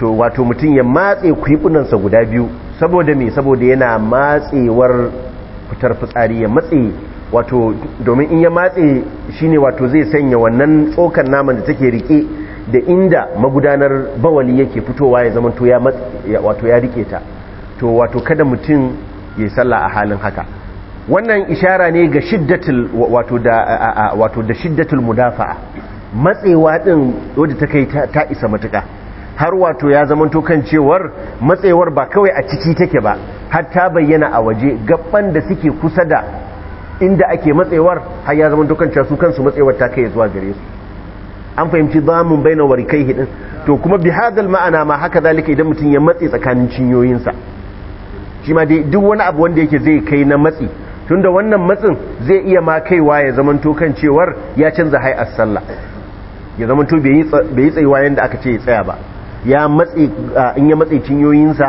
to wato mutum ya matse kwifunansa guda biyu saboda me saboda yana matsewar fitar fitsari ya matse wato domin in ya matse shine wato zai sanya wannan tsokan naman da take rike da inda magudanar bawali yake fitowa ya zama to ya wato ya rike ta to wato kada mutum ya sallah a halin haka wannan ishara ne ga shiddatul wato da wato da shiddatul mudafa'a matsewa din wanda take ta isa matuka har wato ya zamanto kan cewar matsayawar ba kawai a ciki take ba har ta bayyana a waje gaban da suke kusa da inda ake matsayawar har ya zamanto kan cewa su kansu matsayawar ta kai zuwa gare su an fahimci zamun baina warikai hidin to kuma bi hadal ma'ana ma haka zalika idan mutum ya matse tsakanin sa shi ma dai duk wani abu wanda yake zai kai na matsi tunda wannan matsin zai iya ma kaiwa ya zamanto kan cewar ya canza hay'ar sallah ya to bai yi tsayuwa yanda aka ce ya tsaya ba ya matse in ya matse cinyoyinsa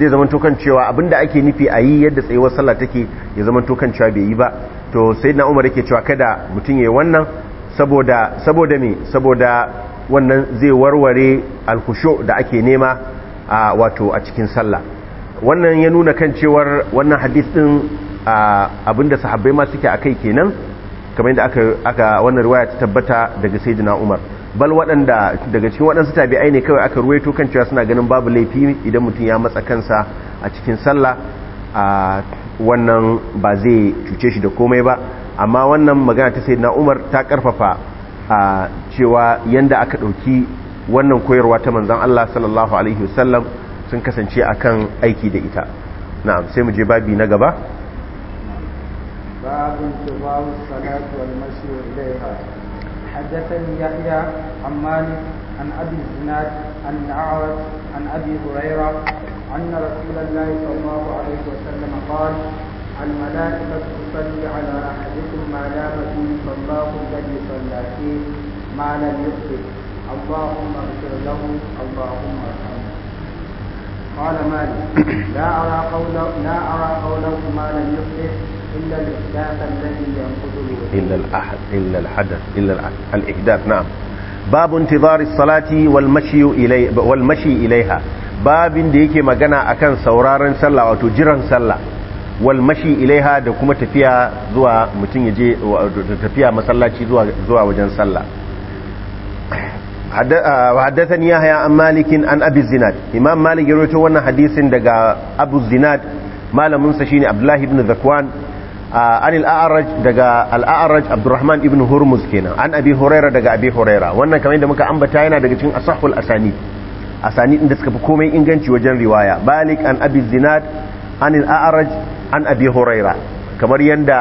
zai zama tokan cewa abinda ake nufi a yi yadda tsayuwar sallah take ya zama tokan cewa bai yi ba to sai na umar yake cewa kada mutum ya yi wannan saboda saboda me saboda wannan zai warware alkusho da ake nema a wato a cikin sallah wannan ya nuna kan cewar wannan hadith din abinda sahabbai ma suke akai kenan kamar yadda aka aka wannan riwaya ta tabbata daga sayyidina umar bal waɗanda daga cikin waɗansu tabi'ai ne kawai aka ruwaito kan cewa suna ganin babu laifi idan mutum ya matsa kansa a cikin sallah a wannan ba zai cuce shi da komai ba amma wannan magana ta sayyidina Umar ta karfafa a cewa yanda aka ɗauki wannan koyarwa ta manzon Allah sallallahu alaihi wasallam sun kasance akan aiki da ita na'am sai mu je babi na gaba babin salatu wal حدثني يحيى عن مالك عن ابي الزناد عن الاعرج عن ابي هريره ان رسول الله صلى الله عليه وسلم قال الملائكه تصلي على احدكم ما دام فيه صلاه الذي صلى فيه ما لم يخطئ اللهم اغفر له اللهم ارحمه قال مالك لا ارى قوله لا ارى قوله ما لم يخطئ إلا الأحد إلا الحدث إلا الإحداث نعم باب انتظار الصلاة والمشي إلي والمشي إليها babin da yake magana akan sauraron sallah wato jiran sallah wal mashi ilaiha da kuma tafiya zuwa mutum ya je tafiya masallaci zuwa zuwa wajen sallah haddathani yahya an malikin an abi zinad imam malik ya rawaito wannan hadisin daga abu zinad malamin sa shine abdullahi ibn zakwan an al'arraj daga al'arraj abdurrahman ibn hurmuz kenan an abi huraira daga abi huraira wannan kamar yadda muka ambata yana daga cikin asahul asani asani din da suka fi komai inganci wajen riwaya balik an abi zinad an al'arraj an abi huraira kamar yadda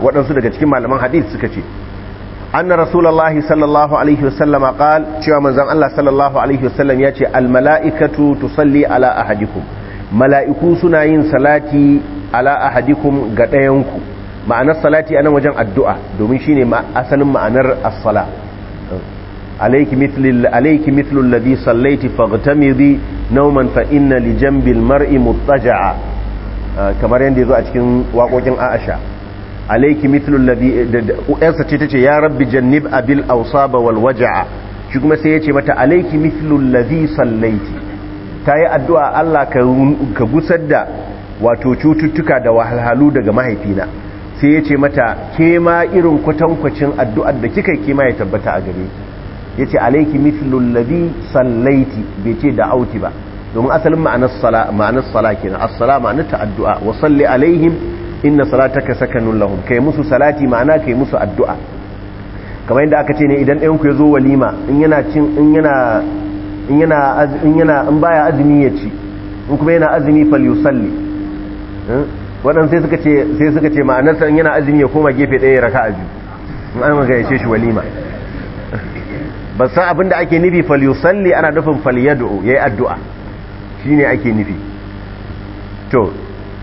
waɗansu daga cikin malaman hadith suka ce anna rasulullahi sallallahu alaihi wasallam qala cewa manzon Allah sallallahu alaihi wasallam yace al mala'ikatu tusalli ala ahadikum mala'iku suna yin salati ala ahadikum ga ɗayanku ma'anar salati anan wajen addu'a domin ne asalin ma'anar asala. sala alayki mithlul sallaiti faghtamidi nawman fa inna li janbil mar'i muttaja'a ah, kamar yadda zo a cikin waƙoƙin Aisha alayki mithlul ladhi ɗansa ce tace ya rabbi jannib abil awsaba wal waja'a shi kuma sai yace mata alaiki mithlul ladhi sallaiti tayi addu'a Allah ka gusar da wato cututtuka da wahalhalu daga mahaifina sai ya ce mata ke ma irin kwatankwacin addu'ar da kika ke ma ya tabbata a gare ya ce alaiki mitlul sallaiti bai ce da auti ba domin asalin ma'anar sala na asala ma'anar ta addu'a wa salli alaihim inna saka sakanun lahum kai musu salati ma'ana kai musu addu'a kamar yadda aka ce ne idan ɗanku ku ya zo walima in yana cin in yana in azumi ya ci in kuma yana azumi fal yusalli waɗanda sai suka ce sai suka ce ma'anarsa in yana azumi ya koma gefe ɗaya raka a biyu in an ga yace shi walima ba san abin da ake nufi fal yusalli ana nufin fal yad'u yayi addu'a shine ake nufi to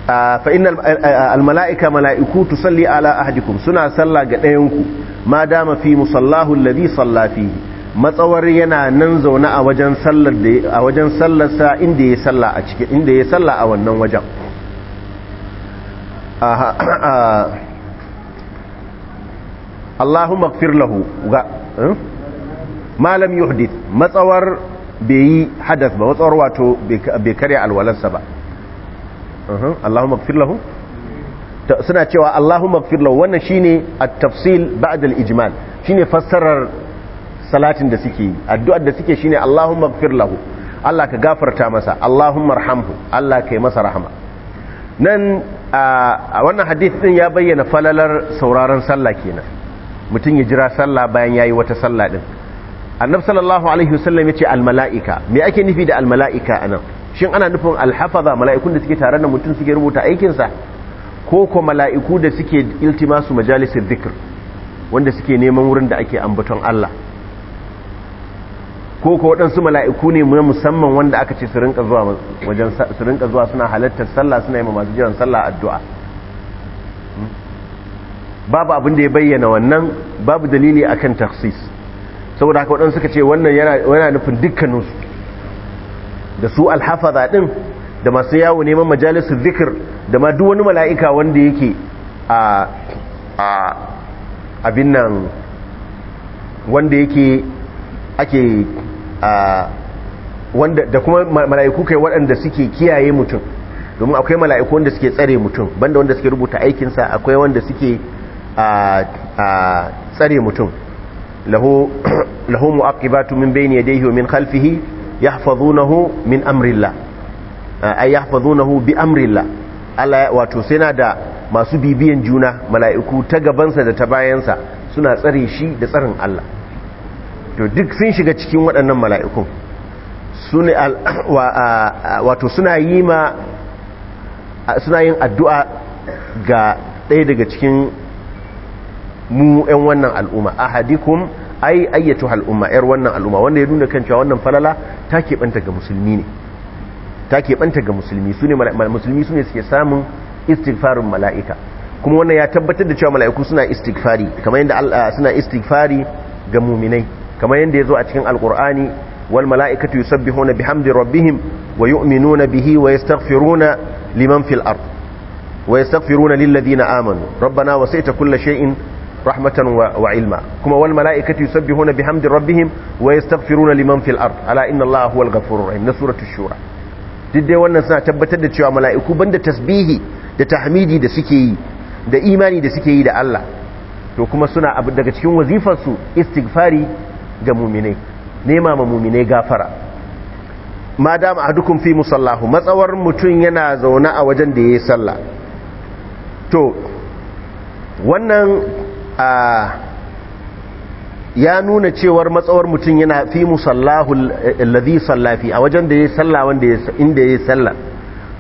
fa innal al mala'ika mala'iku tusalli ala ahadikum suna sallah ga ɗayanku ma dama fi musallahu alladhi salla fihi matsawar yana nan zaune a wajen sallar a sallarsa inda ya salla inda ya salla a wannan wajen Ah. Allahumma gfir lahu ga hmm? malam yuhdith matsawar bai yi hadath ba matsawar wato bai karya alwalansa ba uh-huh. Allahumma gfir lahu suna cewa Allahumma gfir lahu wannan shine at-tafsil ba'da al-ijmal shine fassarar salatin da suke yi addu'ar da suke shine Allahumma gfir lahu Allah ka gafarta masa Allahumma arhamhu Allah ka yi masa rahama nan a wannan hadith din ya bayyana falalar sauraron sallah kenan mutum ya jira sallah bayan yayi wata sallah din annab sallallahu alaihi wasallam ya ce al-mala'ika me ake nufi da al-mala'ika anan shin ana nufin alhafaza mala'ikun da suke tare da mutum suke rubuta sa ko ko mala'iku da suke iltimasu majalisin dhikr wanda suke neman wurin da ake ambaton Allah ko ko waɗansu mala'iku ne na musamman wanda aka ce su rinka zuwa wajen su rinka zuwa suna halartar sallah suna yi ma masu jiran sallah addu'a hmm? babu abin da ya bayyana wannan babu dalili akan taksis saboda haka waɗansu suka ce wannan yana nufin dukkaninsu da su alhafaza ɗin da masu yawo neman majalisu zikir da ma duk wani mala'ika wanda yake a abin nan wanda yake ake wanda da kuma mala'iku kai waɗanda suke kiyaye mutum domin akwai mala'iku wanda suke tsare mutum banda wanda suke rubuta aikinsa akwai wanda suke tsare mutum lahu mu'aqibatu min bayni yadayhi wa min khalfihi yahfazunahu min amrillah ay yahfazunahu bi amrillah Allah wato sai na da masu bibiyan juna mala'iku ta gabansa da ta bayansa suna tsare shi da tsarin Allah to duk sun shiga cikin waɗannan mala'ikun wato suna yi ma suna yin addu'a ga ɗaya daga cikin mu 'yan wannan al'umma ahadikum ai ayyatu al'umma ‘yar wannan al'umma wanda ya nuna kan cewa wannan falala ta keɓanta ga musulmi ne ta keɓanta ga musulmi su ne musulmi su ne suke samun istighfarin mala'ika kuma wannan ya tabbatar da cewa mala'iku suna istighfari kamar yadda suna istighfari ga muminai kamar yadda ya zo a cikin alkur'ani wal mala'ikatu yusabbihuna bihamdi rabbihim wa na bihi wa yastaghfiruna liman fil ard wa yastaghfiruna lil na amanu rabbana wasaita kulla shay'in rahmatan wa ilma kuma wal mala'ikatu yusabbihuna bihamdi rabbihim wa yastaghfiruna liman fil ard ala inna allaha huwal ghafurur rahim na suratul shura duk dai wannan suna tabbatar da cewa mala'iku banda tasbihi da tahmidi da suke yi da imani da suke yi da Allah to kuma suna daga cikin wazifarsu istighfari ga muminai nema ma muminai gafara ma dama ahadukum fi musallahu matsawar mutum yana zaune a wajen da ya yi sallah to wannan ya nuna cewar matsawar mutum yana fi musallahu alladhi sallafi a wajen da ya yi sallah wanda inda yi sallah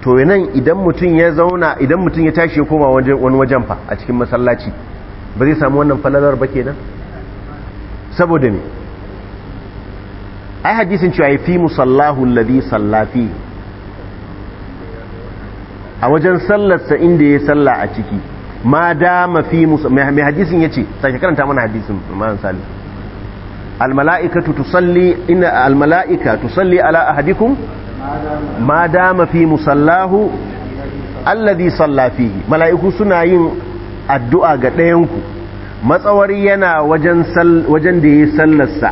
to nan idan mutum ya zauna idan mutum ya tashi ya koma wani wajen fa a cikin masallaci ba zai samu wannan falalar ba kenan saboda ne. ai hadisin cewa fi musallahu alladhi sallafi a wajen sallarsa inda ya salla a ciki ma dama fi musa mai hadisin yace sai karanta mana hadisin man salim al mala'ikatu tusalli inna al mala'ika tusalli ala ahadikum ma dama fi musallahu alladhi sallafi mala'iku suna yin addu'a ga ku. matsawar yana wajen da ya sallarsa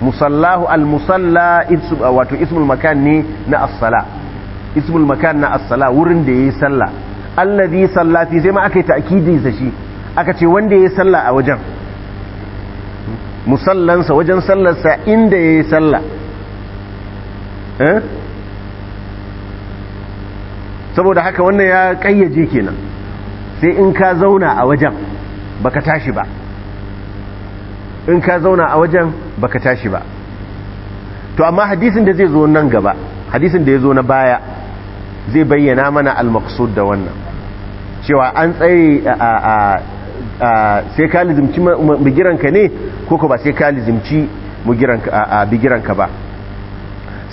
musallahu al-musalla uh, wato ismul makan ne na as-sala ismul makan na as-sala wurin da yayi sallah allazi sallati sai ma aka yi ta'kidin sa shi aka ce wanda yayi sallah a wajen musallansa wajen sallarsa inda yayi sallah eh? saboda haka wannan ya kayyaje kenan sai in ka zauna a wajen baka tashi ba in ka zauna a wajen baka tashi ba to amma hadisin da zai zo nan gaba hadisin da ya zo na baya zai bayyana mana al-maqsud da wannan cewa an tsaye sai ka lizimci bigiranka ne ko ko ba sai ka lizimci bigiranka ba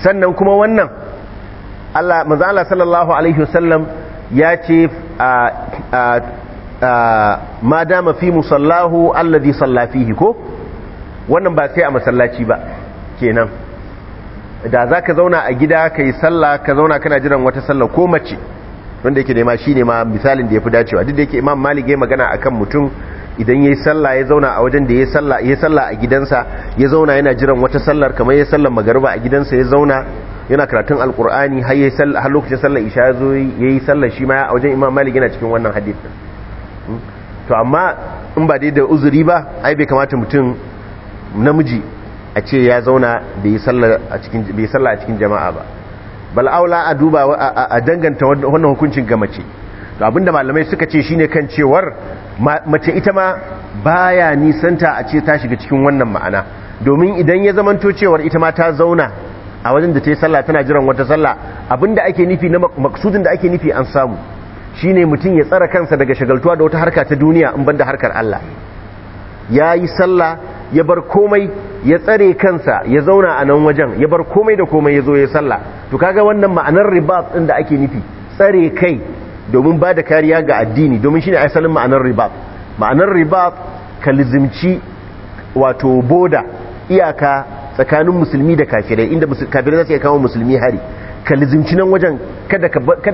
sannan kuma wannan Allah manzo Allah sallallahu alaihi wasallam ya ce ma dama fi musallahu alladhi sallafihi ko wannan ba sai a masallaci ba kenan da za ka zauna a gida ka yi sallah ka zauna kana jiran wata sallah ko mace wanda yake nema shi ne ma misalin da ya fi dacewa duk da yake imam malik ya magana a kan mutum idan ya yi sallah ya zauna a wajen da ya yi sallah a gidansa ya zauna yana jiran wata sallar kamar ya sallar magarba a gidansa ya zauna yana karatun alkur'ani har sallah lokacin sallar isha ya zo ya yi sallar shi ma a wajen imam malik yana cikin wannan hadith hmm? to amma in ba dai da uzuri ba ai bai kamata mutum namiji a ce ya zauna bai salla a cikin jama'a ba bal'aula a duba a danganta wannan hukuncin ga mace to abinda malamai suka ce shine kan cewar mace ita ma baya nisanta a ce ta shiga cikin wannan ma'ana domin idan ya zamanto cewar ita ma ta zauna a wajen da ta yi sallah tana jiran wata sallah abinda ake nufi na maksudin da ake nufi an samu shine mutum ya tsara kansa daga shagaltuwa da wata harka ta duniya in banda harkar Allah ya yi sallah ya bar komai ya tsare kansa ya zauna a nan wajen ya bar komai da komai ya zo ya sallah to kaga wannan ma'anar ribat din da ake nufi tsare kai domin ba da kariya ga addini domin shine asalin ma'anar ribat ma'anar ribat kalizimci wato boda iyaka tsakanin musulmi da kafirai inda kafirai za su iya kawo musulmi hari kalizimci nan wajen kada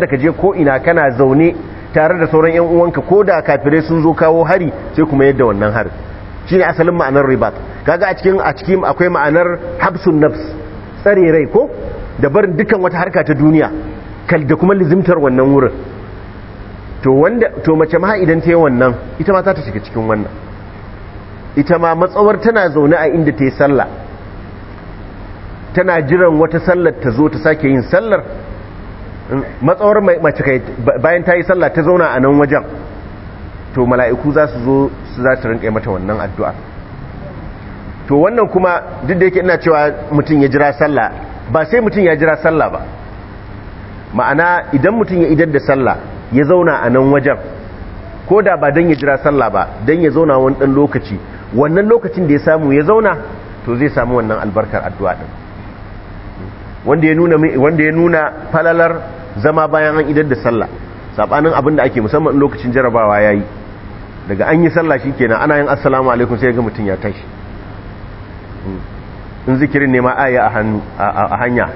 ka je ko ina kana zaune tare da sauran yan uwanka ko da kafirai sun zo kawo hari sai kuma yadda wannan harin shine asalin ma'anar ribat kaga a cikin a cikin akwai ma'anar habsun nafs tsare rai ko da barin dukkan wata harka ta duniya kal da kuma lizimtar wannan wurin to wanda to mace ma idan ta yi wannan ita ma za ta shiga cikin wannan ita ma matsawar tana zaune a inda ta yi sallah tana jiran wata sallar ta zo ta sake yin sallar matsawar mace bayan ta yi sallah ta zauna a nan wajen to mala'iku za su zo su za ta rinƙa mata wannan addu'a to wannan kuma duk da yake ina cewa mutum ya jira sallah ba sai mutum ya jira sallah ba ma'ana idan mutum ya idar da sallah ya zauna a nan wajen ko da ba don ya jira sallah ba don ya zauna wani ɗan lokaci wannan lokacin da ya samu ya zauna to zai samu wannan albarkar addu'a ɗin wanda ya nuna falalar zama bayan an idar da sallah saɓanin abin da ake musamman lokacin jarabawa ya yi daga an yi sallah shi kenan ana yin assalamu alaikum sai ga mutum ya tashi in zikirin ne ma aya a hanya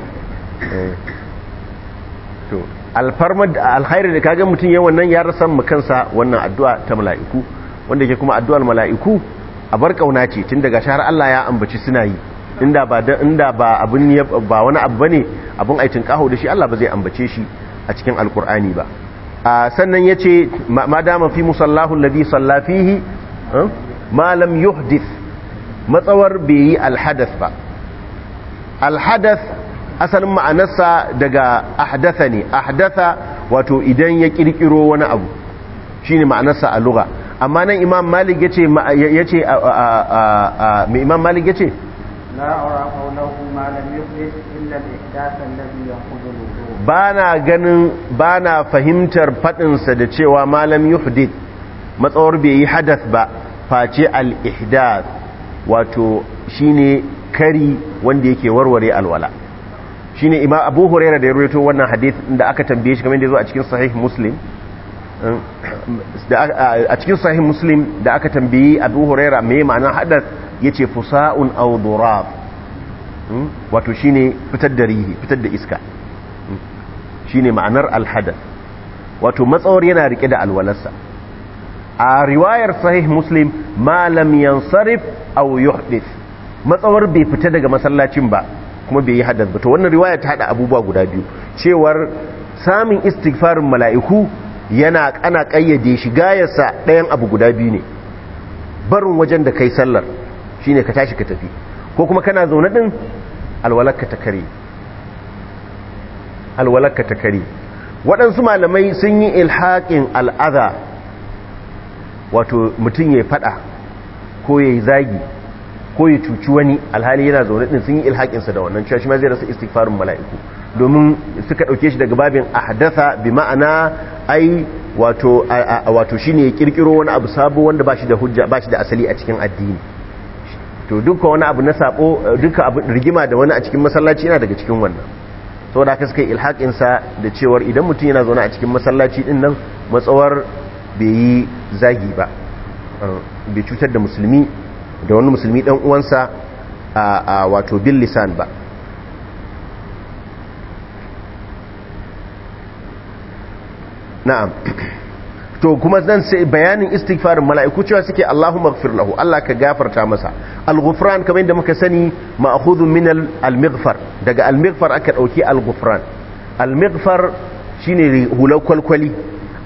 eh. to alfarmar alkhairi da mutum yayin wannan ya rasa mu kansa wannan addu'a ta mala'iku wanda yake kuma addu'ar mala'iku a bar kauna ce tun daga shahar Allah ya ambaci suna yi inda ba inda ba ba wani abu ne abun aitin kaho da shi Allah ba zai ambace shi a cikin alkur'ani ba sannan ya ce ma dama fi musallahu alladhi sallafihi. Eh? ma matsawar bai yi alhadath ba Alhadas asalin ma'anarsa daga ahdasa ne ahdasa wato idan ya kirkiro wani abu Shi ne ma'anarsa a lura amma nan imam malik imam malik yace لا أرى قوله ما لم يحدث إلا da cewa malam لم يحدث matsawar bai yi hadas ba face al-ihdath wato shine kari wanda yake warware alwala shine ima abu huraira da ya rawaito wannan hadith da aka tambaye shi kamar da yazo a cikin sahih muslim a cikin sahih muslim da aka tambaye abu huraira mai ma'ana hadas. ya ce fusa'un aw durab hmm? wato shine fitar da rihi fitar da iska hmm? shine ma'anar alhadar. wato matsawar yana rike da alwalarsa a riwayar sahih muslim malam yansarif matsawar bai fita daga masallacin ba kuma bai yi hadas ba to wannan riwaya ta hada abubuwa guda biyu cewar samun istighfarin mala'iku yana ana kayyade shi gayarsa ɗayan abu guda biyu ne barin wajen da kai sallar shine ka tashi ka tafi ko kuma kana zaune din alwalaka ta kare Alwalaka ta kare waɗansu malamai sun yi ilhaƙin al'adha wato mutum ya faɗa ko ya zagi ko ya cuci wani alhali yana zaune din sun yi ilhaƙinsa da wannan cewa shi ma zai rasa istighfarin mala'iku domin suka ɗauke shi daga babin haddasa bi ma'ana ai wato shi ne ya ƙirƙiro wani abu sabo wanda ba shi da asali a cikin addini to duka wani abu na sabo duka abu rigima da wani a cikin masallaci yana daga cikin wannan saboda haka suka yi ilhakin sa da cewar idan mutum yana zaune a cikin masallaci din nan matsawar bai yi zagi ba eh, bai cutar da musulmi da wani musulmi dan uwansa a wato bil lisan ba na'am to kuma zan sai bayanin istighfarin mala'iku cewa suke Allahu ighfir lahu Allah ka gafarta masa al-ghufran kamar yadda muka sani ma'khudhu min al-maghfar daga al-maghfar aka dauki al-ghufran al-maghfar shine hular kwalkwali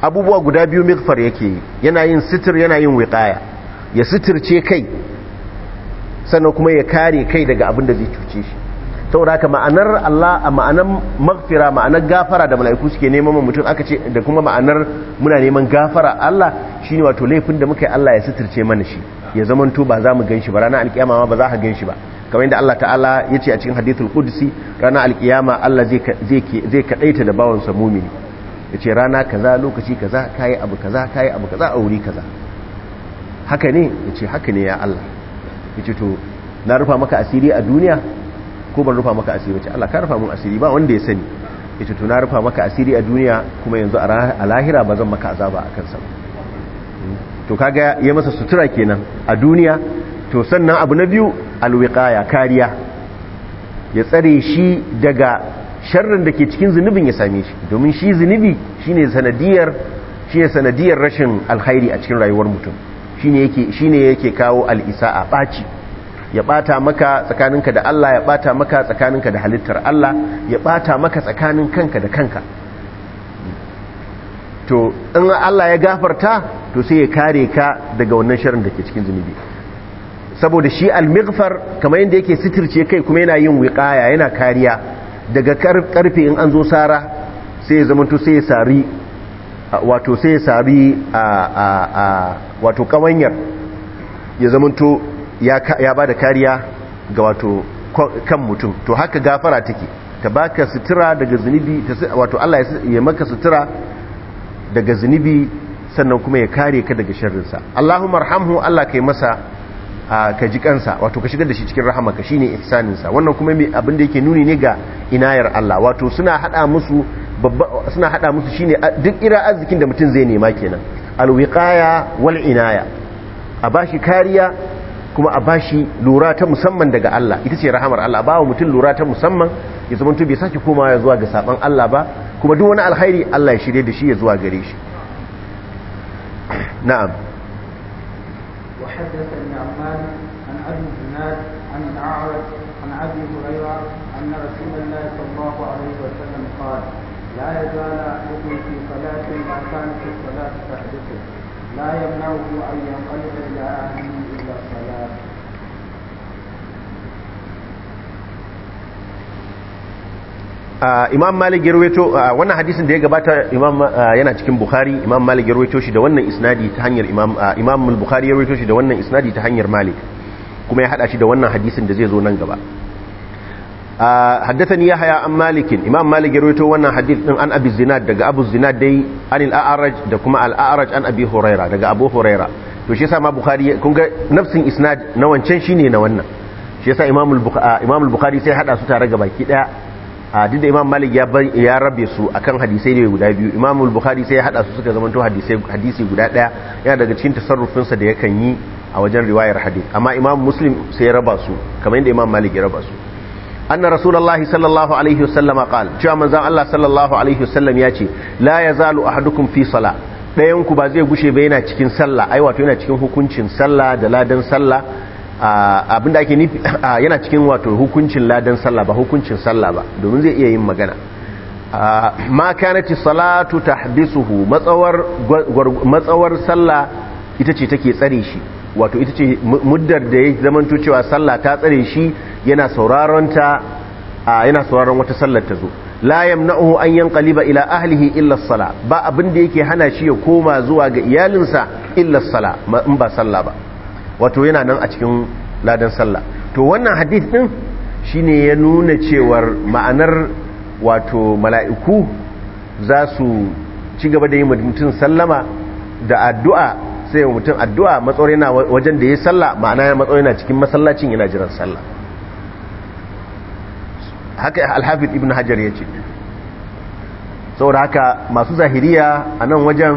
abubuwa guda biyu maghfar yake yana yin sitir yana yin wiqaya ya sitirce kai sannan kuma ya kare kai daga abin da zai cuce shi saboda haka ma'anar Allah a ma'anar magfira ma'anar gafara da mala'iku suke neman mutum aka ce da kuma ma'anar muna neman gafara Allah shine wato laifin da muka yi Allah ya suturce mana shi ya zaman to ba za mu ganshi ba ranar alkiyama ma ba za ka ganshi ba kamar yadda Allah ta'ala ya ce a cikin hadithul qudsi ranar alkiyama Allah zai zai kadaita da bawansa mumini ya ce rana kaza lokaci kaza kayi abu kaza kayi abu kaza a wuri kaza haka ne ya ce haka ne ya Allah ya ce to na rufa maka asiri a duniya ko ban rufa maka asiri ce Allah ka rufa mun asiri ba wanda ya sani ya to na rufa maka asiri a duniya kuma yanzu a lahira ba zan maka azaba a kansa. Hmm. to kaga ya masa sutura kenan a duniya to sannan abu na biyu alwiqaya kariya ya tsare shi daga sharrin da ke cikin zunubin ya same shi domin shi zunubi shine sanadiyar shine sanadiyar rashin alkhairi a cikin rayuwar mutum shine yake shine yake kawo al-isa'a baci ya bata maka tsakaninka da Allah ya bata maka tsakaninka da halittar Allah ya bata maka tsakanin kanka da kanka to in Allah ya gafarta to sai ya kare ka daga wannan shirin da ke cikin zunubi saboda shi almighfar kamar yadda yake sitirce kai kuma yana yin wiqaya yana kariya daga karfe in an zo sara sai ya zamanto sai ya sari wato sai ya sari a wato kawanyar ya zamanto ya ba da kariya ga wato kan mutum to haka gafara take ta baka sutura daga zunubi wato Allah ya maka sutura daga zunubi sannan kuma ya kare ka daga sharrinsa Allahumma arhamhu Allah kai masa ka ji kansa wato ka shigar da shi cikin rahama ka shine sa wannan kuma mai abin da yake nuni ne ga inayar Allah wato suna hada musu babba suna hada musu shine duk ira arzikin da mutum zai nema kenan alwiqaya wal inaya a bashi kariya kuma a bashi lura ta musamman daga Allah ita ce rahamar Allah ba wa mutum lura ta musamman ya zama tubi sake koma ya zuwa ga saban Allah ba kuma duk wani alkhairi Allah ya shirye da shi ya zuwa gare shi na'am wa haddatha haddathani amman an abi hunad an da'awat an abi hurayra anna rasulullahi sallallahu alaihi wa sallam qala la yazala ahadukum fi salatin ma kana fi salati tahdithu la yamna'u an yanqalib ila ahlihi illa salat imam malik yarwato wannan hadisin da ya gabata imam yana cikin bukhari imam malik yarwato shi da wannan isnadi ta hanyar imam imam bukhari yarwato shi da wannan isnadi ta hanyar malik kuma ya hada shi da wannan hadisin da zai zo nan gaba haddathani yahya an malikin imam malik yarwato wannan hadith din an abi zinad daga abu zinad dai anil a'raj da kuma al-a'raj an abi huraira daga abu huraira to shi yasa ma bukhari kun ga nafsin isnad na wancan shine na wannan shi yasa imam al-bukhari sai hada su tare ki daya duk da imam malik ya ya rabe su akan hadisai ne guda biyu imam al bukhari sai ya hada su suka zamanto hadisi guda daya yana daga cikin sa da yakan yi a wajen riwayar hadith amma imam muslim sai ya raba su kamar yadda imam malik ya raba su anna rasulullahi sallallahu alaihi wasallam qala cewa manzon Allah sallallahu alaihi wasallam ya ce la yazalu ahadukum fi sala dayan ku ba zai gushe ba yana cikin sallah ai wato yana cikin hukuncin sallah da ladan sallah abinda ake nufi yana cikin wato hukuncin ladan sallah ba hukuncin sallah ba domin zai iya yin magana ma kanati salatu tahbisuhu matsawar matsawar sallah ita ce take tsare shi wato ita ce muddar da ya to cewa sallah ta tsare shi yana sauraron ta yana sauraron wata sallar ta zo la yamna'u an yanqaliba ila ahlihi illa as-sala ba abin da yake hana shi ya koma zuwa ga iyalinsa illa as salah in ba sallah ba wato yana nan a cikin ladan sallah to wannan hadith din shine ya nuna cewar ma'anar wato mala'iku za su ci gaba da yi mutum sallama da addu'a sai mutum addu'a matsori na wajen da ya sallah ma'ana ya matsori na cikin masallacin yana jiran salla haka alhafid ibn hajar ya ce saboda haka masu zahiriya a nan wajen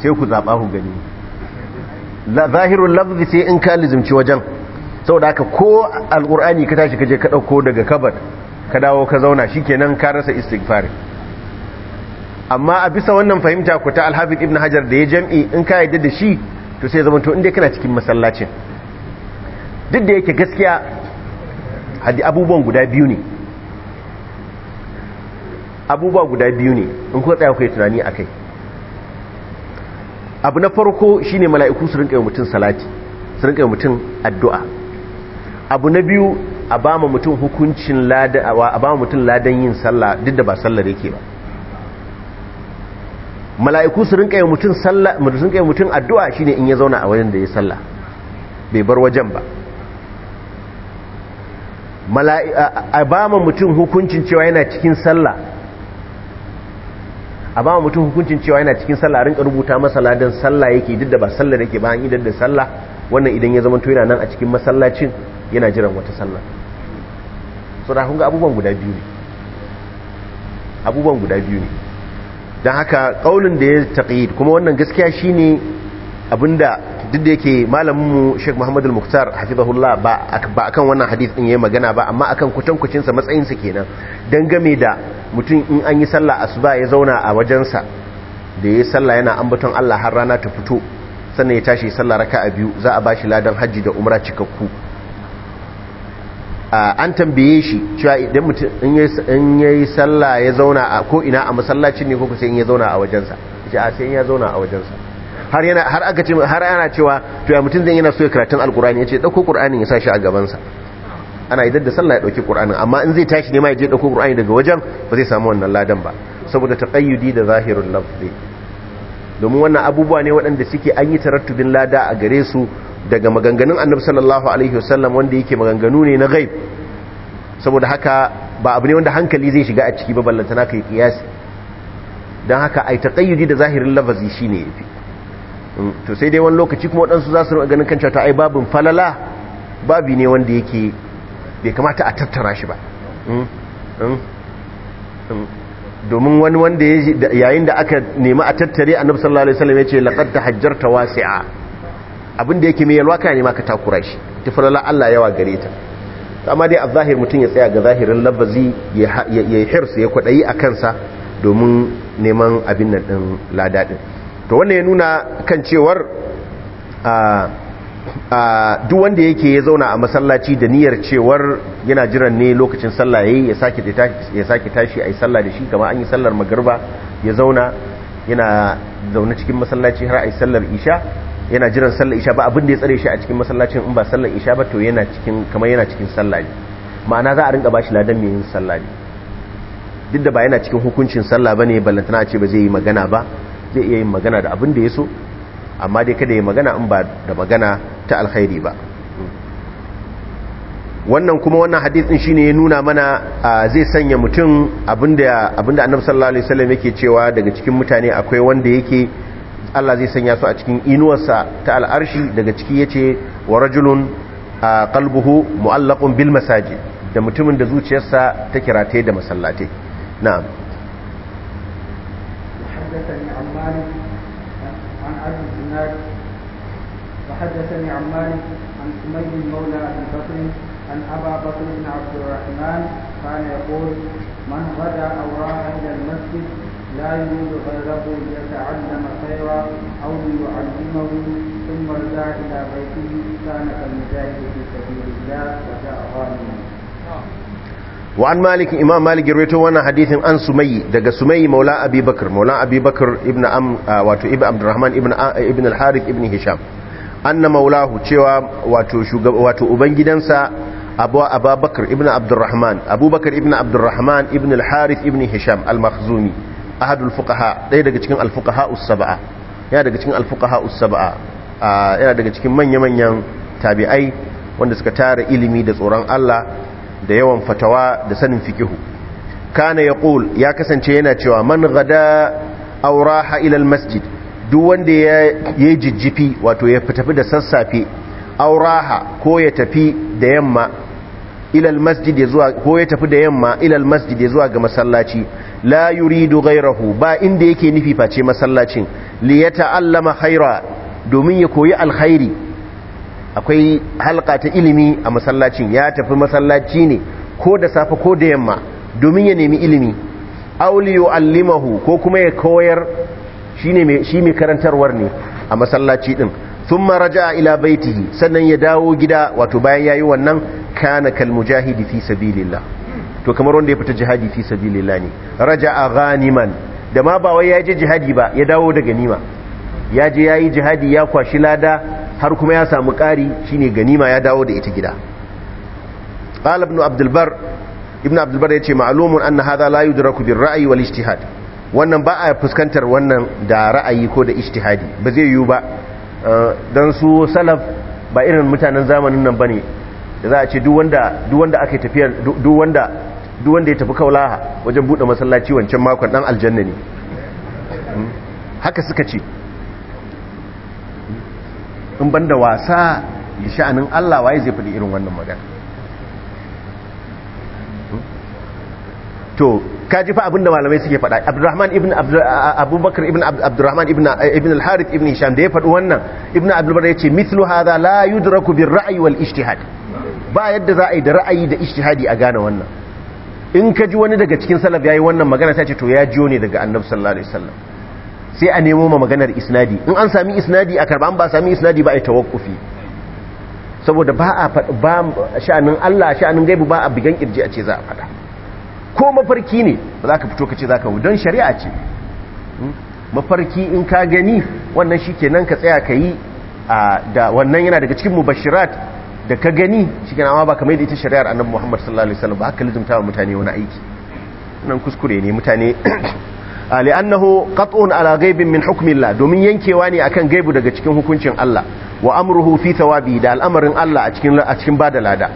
sai ku zaɓa ku gani zahirun lafzi sai in ka lizimci wajen saboda haka ko al'ur'ani ka tashi kaje ka dauko daga kabar ka dawo ka zauna shi shikenan ka rasa istighfar amma a bisa wannan fahimta ku ta alhabib ibn hajar da ya jam'i in ka yadda da shi to sai zama to inda kana cikin masallacin duk da yake gaskiya hadi abubuwan guda biyu ne abubuwa guda biyu ne in kuka tsaya ku yi tunani akai abu na farko shi ne mala'iku su rinƙa yi mutum salati su rinƙa yi mutum addu'a abu na biyu a ba ma mutum hukuncin ladan a ba mutum ladan yin sallah duk da ba sallar yake ba mala'iku su rinƙa yi mutum sallah su rinka yi mutum addu'a ne in ya zauna a wajen da ya sallah bai bar wajen ba a ba ma mutum hukuncin cewa yana cikin sallah a ba mutum hukuncin cewa yana cikin sallah a rinka rubuta masa ladan sallah yake duk da ba sallah yake ba an idan da sallah wannan idan ya zama to yana nan a cikin masallacin yana jiran wata sallah so da kun ga abubuwan guda biyu ne abubuwan guda biyu ne don haka kaulin da ya taqid kuma wannan gaskiya shine abinda duk da yake mu Sheikh Muhammad Al-Muqtar hafizahullah ba ba akan wannan hadith din yayi magana ba amma akan kutankucin sa matsayin sa kenan game da mutum in an yi sallah asuba ya zauna a wajensa da ya yi sallah yana ambaton Allah har rana ta fito sannan ya tashi sallah raka a biyu za a ba shi ladan hajji da umra cikakku an tambaye shi cewa idan mutum in ya yi sallah ya zauna a ko'ina a masallacin ne kuka sai in ya zauna a wajensa ce a sai in ya zauna a wajensa har yana har aka ce har yana cewa to ya mutum zai yana so ya karatun alkur'ani ya ce dauko Ƙur'ani ya sa shi a gabansa ana idan da sallah ya dauki qur'anin amma in zai tashi ne ma ya je dauko qur'ani daga wajen ba zai samu wannan ladan ba saboda taqayyudi da zahirul lafzi domin wannan abubuwa ne waɗanda suke an yi tarattubin lada a gare su daga maganganun annabi sallallahu alaihi wasallam wanda yake maganganu ne na ghaib saboda haka ba abu ne wanda hankali zai shiga a ciki ba ballantana kai kiyasi don haka ai taqayyudi da zahirin lafazi shine yafi mm, to sai dai wani lokaci kuma waɗansu za su ganin kanta ta ai babin falala babi ne wanda yake bai kamata a tattara shi ba mm? Mm? Mm? domin wani wanda yayin da aka nema a tattare annabi sallallahu alaihi wasallam yace laqad tahajjarta wasi'a abinda yake mai yalwa ne nema ka takura shi tafalla Allah yawa gare ta amma dai a zahir mutum ya tsaya ga zahirin labazi ya yi hirsu ya kwadayi a kansa domin neman abin nan din lada to wannan ya nuna kan cewar a ah, duk wanda yake ya zauna a masallaci da niyyar cewar yana jiran ne lokacin sallah yayi ya sake ya saki tashi ayi sallah da shi kamar an yi sallar magruba ya zauna yana zaune cikin masallaci har ayi sallar isha yana jiran sallar isha ba abin da ya tsare shi a cikin masallacin in ba sallar isha ba to yana cikin kamar yana cikin sallah ne ma'ana za a rinka bashi ladan mai yin sallah ne duk da ba yana cikin hukuncin sallah bane ballantana a ce ba zai yi magana ba zai iya yin magana da abin da ya so amma dai kada ya magana in ba da magana ta alkhairi ba wannan kuma wannan hadisin shine ya nuna mana zai sanya mutum abinda abinda annabi sallallahu alaihi wasallam yake cewa daga cikin mutane akwai wanda yake Allah zai sanya su a cikin inuwarsa ta al'arshi daga ciki yace wa rajulun qalbuhu mu'allaqun bil masajid da mutumin da zuciyarsa ta kirate da masallatai na'am عن أبي الزناد وحدثني عن مالك عن سمي مولى أبي بكر أن أبا بكر بن عبد الرحمن كان يقول من غدا أو راح إلى المسجد لا يريد غيره ليتعلم خيرا أو ليعلمه ثم رجع إلى بيته كان كالمجاهد في سبيل الله وجاء غانما. وعن مالك إمام مالك رويته وانا حديث عن سمي دقى سمي مولى أبي بكر مولى أبي بكر ابن أم واتو ابن عبد الرحمن ابن, ابن الحارث ابن هشام أن مولاه تشوى واتو, واتو أبنجدنسا أبو أبا بكر ابن عبد الرحمن أبو بكر ابن عبد الرحمن ابن الحارث ابن هشام المخزومي أحد الفقهاء ده دقى تكين الفقهاء السبعة يا دقى تكين الفقهاء السبعة يا دقى تكين من يمن يم تابعي wanda suka tara ilimi da tsoron Allah da yawan fatawa da sanin fikihu kana ya ƙul ya kasance yana cewa man gada auraha ilal masjid duk wanda ya jijjifi wato ya tafi da sassafe auraha ko ya tafi da yamma ilal masjid ya zuwa ko ya tafi da yamma ilal masjid ya zuwa ga masallaci la yuridu ghayrahu ba inda yake nufi face masallacin li yata'allama khaira domin ya koyi alkhairi akwai halka ta ilimi a masallacin ya tafi masallaci ne ko da safe ko da yamma domin ya nemi ilimi auliyo allimahu ko kuma ya koyar shi mai karantarwar ne a masallaci din sun maraja ila baitihi sannan ya dawo gida wato bayan ya yi wannan kana kalmujahidi fi sabilillah to kamar wanda ya fita jihadi fi sabilillah ne raja a ganiman da ma ba wai ya je jihadi ba ya dawo daga nima. ya je ya yi jihadi ya kwashi lada har kuma ya samu ƙari ne ganima ya dawo da ita gida qala ibn Abdulbar. bar ibn abdul bar yace ma'lumun anna hadha la yudraku wal ijtihad wannan ba a fuskantar wannan da ra'ayi ko da ishtihadi ba zai yiwu ba eh, dan su salaf ba irin mutanen zamanin nan ba ne. da za a ce duk wanda ya tafi kaulaha wajen buɗe masallaci wancan makon ɗan aljanna ne hmm? haka suka ce in ban da wasa ya sha'anin Allah waye zai faɗi irin wannan magana to ji fa abinda malamai suke faɗa Abdurrahman ibn Abubakar ibn Abdurrahman ibn al-Harith ibn Hisham da ya fadi wannan ibn Abdul Bar yace mithlu hadha la yudraku bir ra'yi wal ijtihad ba yadda za a yi da ra'ayi da ishtihadi a gane wannan in ka ji wani daga cikin salaf ya yi wannan magana sai ce to ya jiyo ne daga Annabi sallallahu alaihi wasallam sai a nemo ma maganar isnadi in an sami isnadi a karba an ba sami isnadi ba a yi tawakufi saboda ba a ba sha'anin Allah sha'anin gaibu ba a bigan kirji a ce za a faɗa ko mafarki ne ba za ka fito ka ce za ka wu don shari'a ce hmm? mafarki in ka gani wannan shi ke nan ka tsaya ka yi da wannan yana daga cikin mubashirat da ka gani shi kenan ba kamar da ita shari'ar annabi Muhammad sallallahu alaihi wasallam ba haka lizumta wa mutane wani aiki nan kuskure ne mutane Ah, li'annahu katun ala ghaibin min hukmillah domin yankewa ne akan gaibu daga cikin hukuncin Allah wa amruhu fi thawabi da al'amarin Allah a cikin a cikin bada lada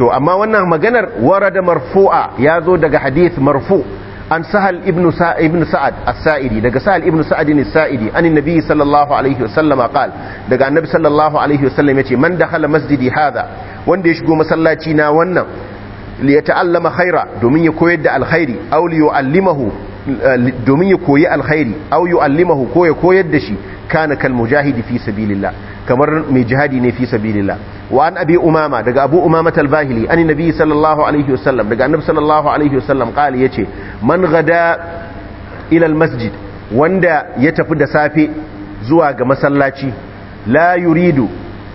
to amma wannan maganar warada marfu'a yazo daga hadith marfu an sahal ibn sa'ad sa'ad as-sa'idi daga sahal ibn sa'ad as-sa'idi an annabi sallallahu alaihi wasallam qal daga annabi sallallahu alaihi wasallam yace man dakhala masjidi hadha wanda ya shigo masallaci na wannan li yata'allama khaira domin ya koyar da alkhairi aw li yu'allimahu domin ya koyi alkhairi au yu'allimahu ko ya koyar da shi kana kal mujahidi fi sabilillah kamar mai jihadi ne fi sabilillah wa an abi umama daga abu umama talbahili an nabi sallallahu alaihi wasallam daga annabi sallallahu alaihi wasallam qali yace man gada ila al masjid wanda ya tafi da safe zuwa ga masallaci la yuridu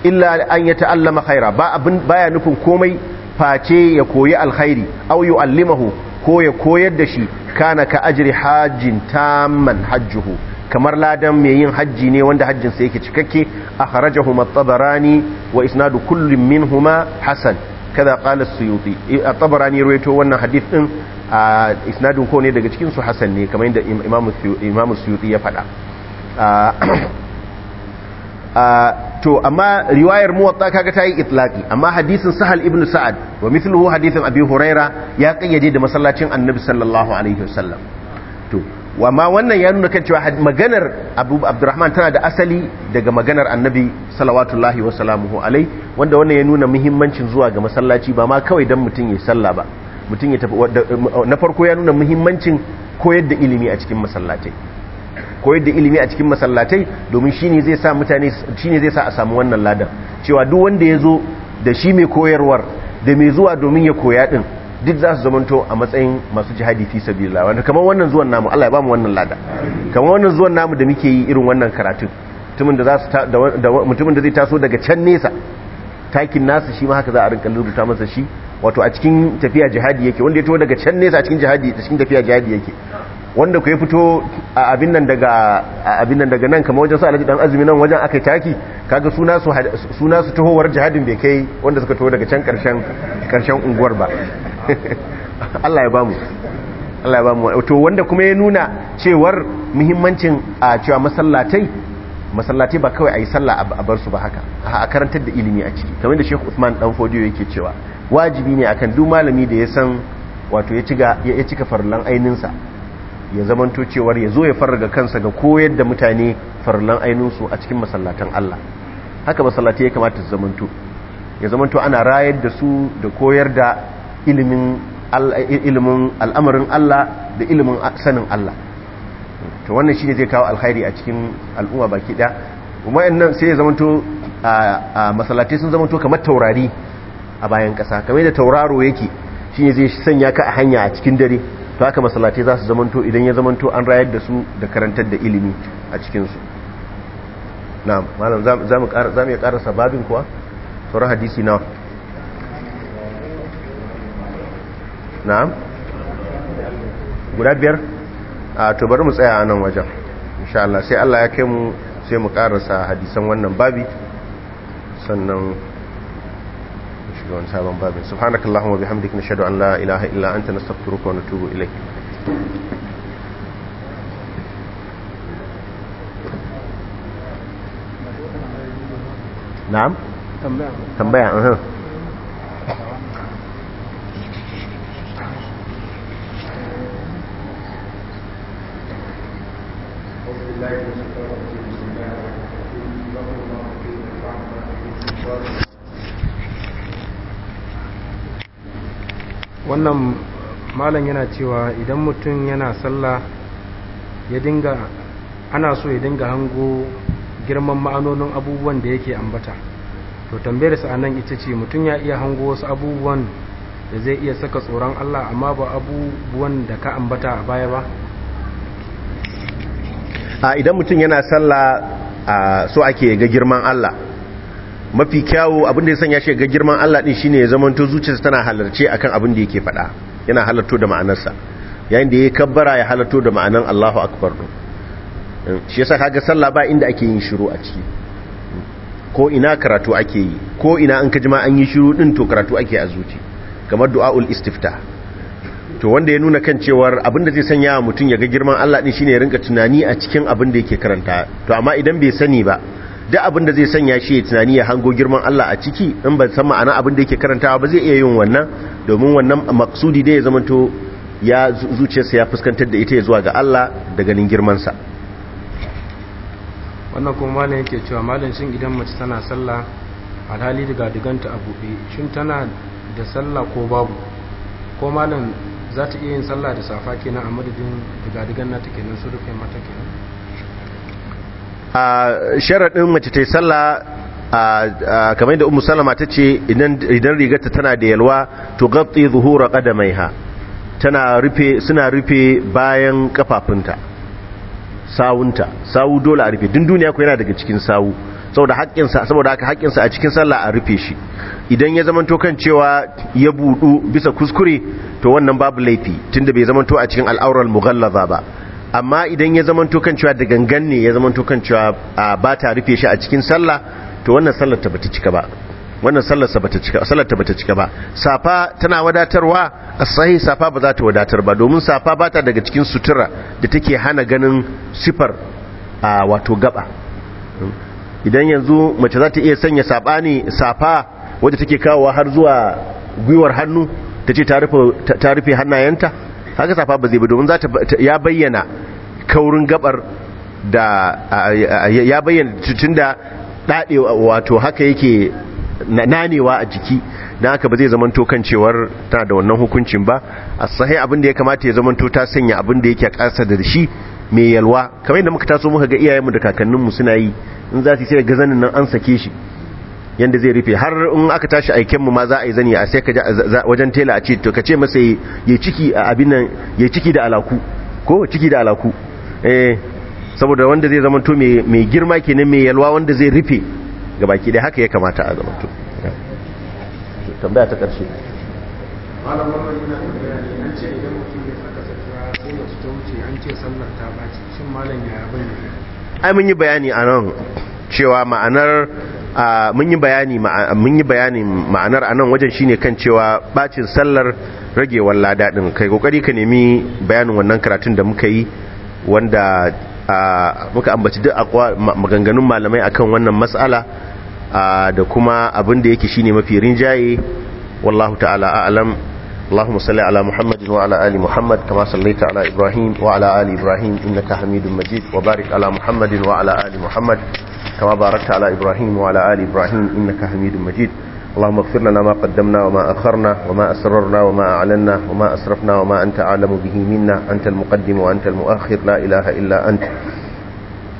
illa an yata'allama khaira ba baya nufin komai face ya koyi alkhairi au yu'allimahu ko ya koyar da shi kana ka ajri hajjin tamman hajjuhu kamar ladan mai yin hajji ne wanda hajjin hajjinsa yake cikakke a harajahu matsabarani wa isnadu kullum min huma hassan kada kala suyuti eh, a ruwaito wannan hadith din a isnadin ko ne daga cikinsu hassan ne kamar yadda imamu suyuti ya faɗa ah, to amma riwayar muwatta kaga ta yi itlaqi amma hadisin sahal ibnu sa'ad wa mithluhu hadisin abi huraira ya kayyade da masallacin annabi sallallahu alaihi wasallam to wa ma wannan ya nuna kan cewa maganar abu abdurrahman tana da asali daga maganar annabi salawatullahi wa salamuhu alai wanda wannan ya nuna muhimmancin zuwa ga masallaci ba ma kawai dan mutum ya salla ba mutun ya tafi na farko ya nuna muhimmancin koyar da ilimi a cikin masallatai koyar da ilimi a cikin masallatai domin shine zai sa mutane shine zai sa a samu wannan ladan cewa duk wanda ya zo da shi mai koyarwar da mai zuwa domin ya koya din duk za su zamanto a matsayin masu jihadi fi sabilillah wanda kamar wannan zuwan namu Allah ya mu wannan lada kamar wannan zuwan namu da muke yi irin wannan karatun mutumin da za su da mutumin da zai taso daga can nesa takin nasu shi ma haka za a rinka rubuta masa shi wato a cikin tafiya jihadi yake wanda ya to daga can nesa a cikin jihadi a cikin tafiya jihadi yake wanda ku ya fito a abin nan daga abin nan daga nan kamar wajen su alhaji dan azumi nan wajen aka taki kaga suna su suna su tahowar jihadin bai kai wanda suka taho daga can karshen karshen unguwar ba Allah ya bamu Allah ya bamu to wanda kuma ya nuna cewar muhimmancin a cewa masallatai masallatai ba kawai a yi sallah a bar su ba haka a karantar da ilimi a ciki kamar da Sheikh Usman dan Fodiyo yake cewa wajibi ne akan duk malami da ya san wato ya cika farlan sa ya zamanto cewar ya zo ya farga kansa ga koyar da mutane farlan ainihinsu a cikin masallatan Allah haka masallatai ya kamata su zamanto ya zamanto ana rayar da su da koyar da ilimin al'amarin Allah da ilimin sanin Allah to wannan shi ne zai kawo alkhairi a cikin al'umma baki ɗaya kuma nan sai ya zamanto a masallatai sun zamanto kamar taurari a bayan ƙasa kamar yadda tauraro yake shi ne zai sanya ka a hanya a cikin dare to haka masallatai za su zamanto idan ya zamanto an rayar da su da karantar da ilimi a cikinsu Na malam za mu ya kara sababin kuwa sauran hadisi Na na guda biyar a to bari mu tsaya a nan wajen insha Allah sai Allah ya kai mu sai mu karasa hadisan wannan babi sannan وانسابا بابا سبحانك اللهم وبحمدك نشهد أن لا إله إلا أنت نستغفرك ونتوب إليك نعم تنبيع تنبيع أه. wannan malam yana cewa idan mutum yana sallah ya dinga ana so ya dinga hango girman ma'anonin abubuwan da yake ambata to tambayar tambayarsa anan ita ce mutum ya iya hango wasu abubuwan da zai iya saka tsoron Allah amma ba abubuwan da ka ambata a baya ba a idan mutum yana sallah so ake ga girman Allah mafi kyawo abinda da ya sanya shi ga girman Allah din shine ya zamanto zuciyarsa tana halarce akan abin da yake faɗa yana halarto da ma'anarsa yayin da yayi kabbara ya halarto da ma'anan Allahu akbar din shi yasa kaga sallah ba inda ake yin shiru a ciki ko ina karatu ake yi ko ina an ka ma an yi shiru din to karatu ake a zuci kamar du'aul istifta to wanda ya nuna kan cewar abin da zai sanya mutum ya ga girman Allah din shine ya rinka tunani a cikin abin da yake karanta to amma idan bai sani ba duk abin da zai sanya shi ya tunani ya hango girman Allah a ciki in ba san ma'ana abin da yake karantawa ba zai iya yin wannan domin wannan maksudi da ya to ya zuciyarsa ya fuskantar da ita ya zuwa ga Allah da ganin girmansa wannan kuma ne yake cewa malam shin idan mace tana sallah alhali daga diganta a buɗe shin tana da sallah ko babu ko malam za ta iya yin sallah da safa kenan a madadin daga digan nata kenan su rufe mata kenan a sharaɗin mace ta yi sallah kamar yadda umu salama ta ce idan rigarta tana da yalwa to gabtse zuhura mai ha rufe suna rufe bayan ƙafafunta sawunta sawu dole a rufe duniya ku yana daga cikin sawu saboda haƙƙinsa saboda haka haƙƙinsa a cikin sallah a rufe shi idan ya zamanto kan cewa ya buɗu bisa kuskure to wannan babu laifi tunda bai zamanto a cikin al'aurar mughallaza ba amma idan ya zama to cewa da gangan ne ya zama to cewa ba ta rufe shi a cikin sallah to wannan sallar ta bata cika ba wannan sallar sa bata cika sallar ta bata cika ba safa tana wadatarwa asahi safa ba za ta wadatar ba domin safa ba ta daga cikin sutura da take hana ganin sifar a wato gaba idan yanzu mace za ta iya sanya sabani safa wadda take kawowa har zuwa gwiwar hannu ta ce ta rufe hannayenta haka safa ba zai ba domin ya bayyana kaurin gabar da ya bayyana tunda da dadewa wato haka yake nanewa a jiki dan haka ba zai zamanto kan cewar tana da wannan hukuncin ba a sahi abin da ya kamata ya zamanto ta sanya abin da yake kasa da shi mai yalwa kamar yadda muka taso muka ga iyayenmu da kakanninmu suna yi in za su yi sai gazanin nan an sake shi yanda zai rufe har in aka tashi aiken mu ma za a yi zani a sai ka wajen tela a ce to ka ce masa ya ciki a abin nan ya ciki da alaku ko ciki da alaku eh saboda wanda zai zama to mai girma kenan mai yalwa wanda zai rufe gabaki da haka ya kamata a zama to tambaya ta karshe ai mun yi bayani a nan cewa ma'anar mun yi bayani ma'anar a nan ma'anar anan wajen shine kan cewa bacin sallar ragewar lada din kai kokari ka nemi bayanin wannan karatun da muka yi wanda muka ambaci duk maganganun malamai akan wannan matsala. da kuma abin da yake shine mafi rinjaye wallahu ta'ala a'lam اللهم صل على محمد وعلى آل محمد كما صليت على إبراهيم وعلى آل إبراهيم إنك حميد مجيد وبارك على محمد وعلى ali محمد كما باركت على إبراهيم وعلى آل إبراهيم إنك حميد مجيد اللهم اغفر لنا ما قدمنا وما أخرنا وما أسررنا وما أعلنا وما أسرفنا وما أنت أعلم به منا أنت المقدم وأنت المؤخر لا إله إلا أنت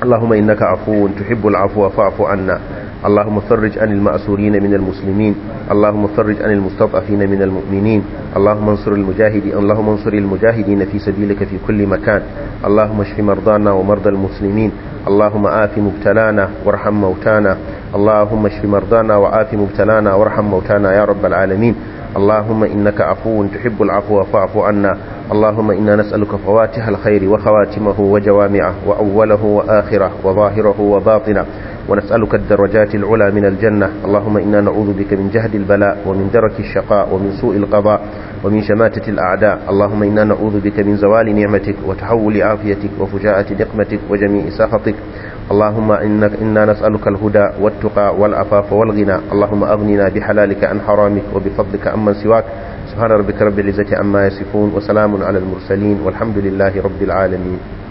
اللهم إنك عفو تحب العفو فاعف عنا اللهم فرج عن المأسورين من المسلمين اللهم فرج عن المستضعفين من المؤمنين اللهم انصر المجاهدين اللهم انصر المجاهدين في سبيلك في كل مكان اللهم اشف مرضانا ومرضى المسلمين اللهم آف مبتلانا وارحم موتانا اللهم اشف مرضانا وآف مبتلانا وارحم موتانا يا رب العالمين اللهم إنك عفو تحب العفو فاعف عنا اللهم إنا نسألك فواتح الخير وخواتمه وجوامعه وأوله وآخره وظاهره وباطنه ونسألك الدرجات العلى من الجنة اللهم إنا نعوذ بك من جهد البلاء ومن درك الشقاء ومن سوء القضاء ومن شماتة الأعداء اللهم إنا نعوذ بك من زوال نعمتك وتحول عافيتك وفجاءة نقمتك وجميع سخطك اللهم إنك إنا نسألك الهدى والتقى والعفاف والغنى اللهم أغننا بحلالك عن حرامك وبفضلك من سواك سبحان ربك رب العزة عما يصفون وسلام على المرسلين والحمد لله رب العالمين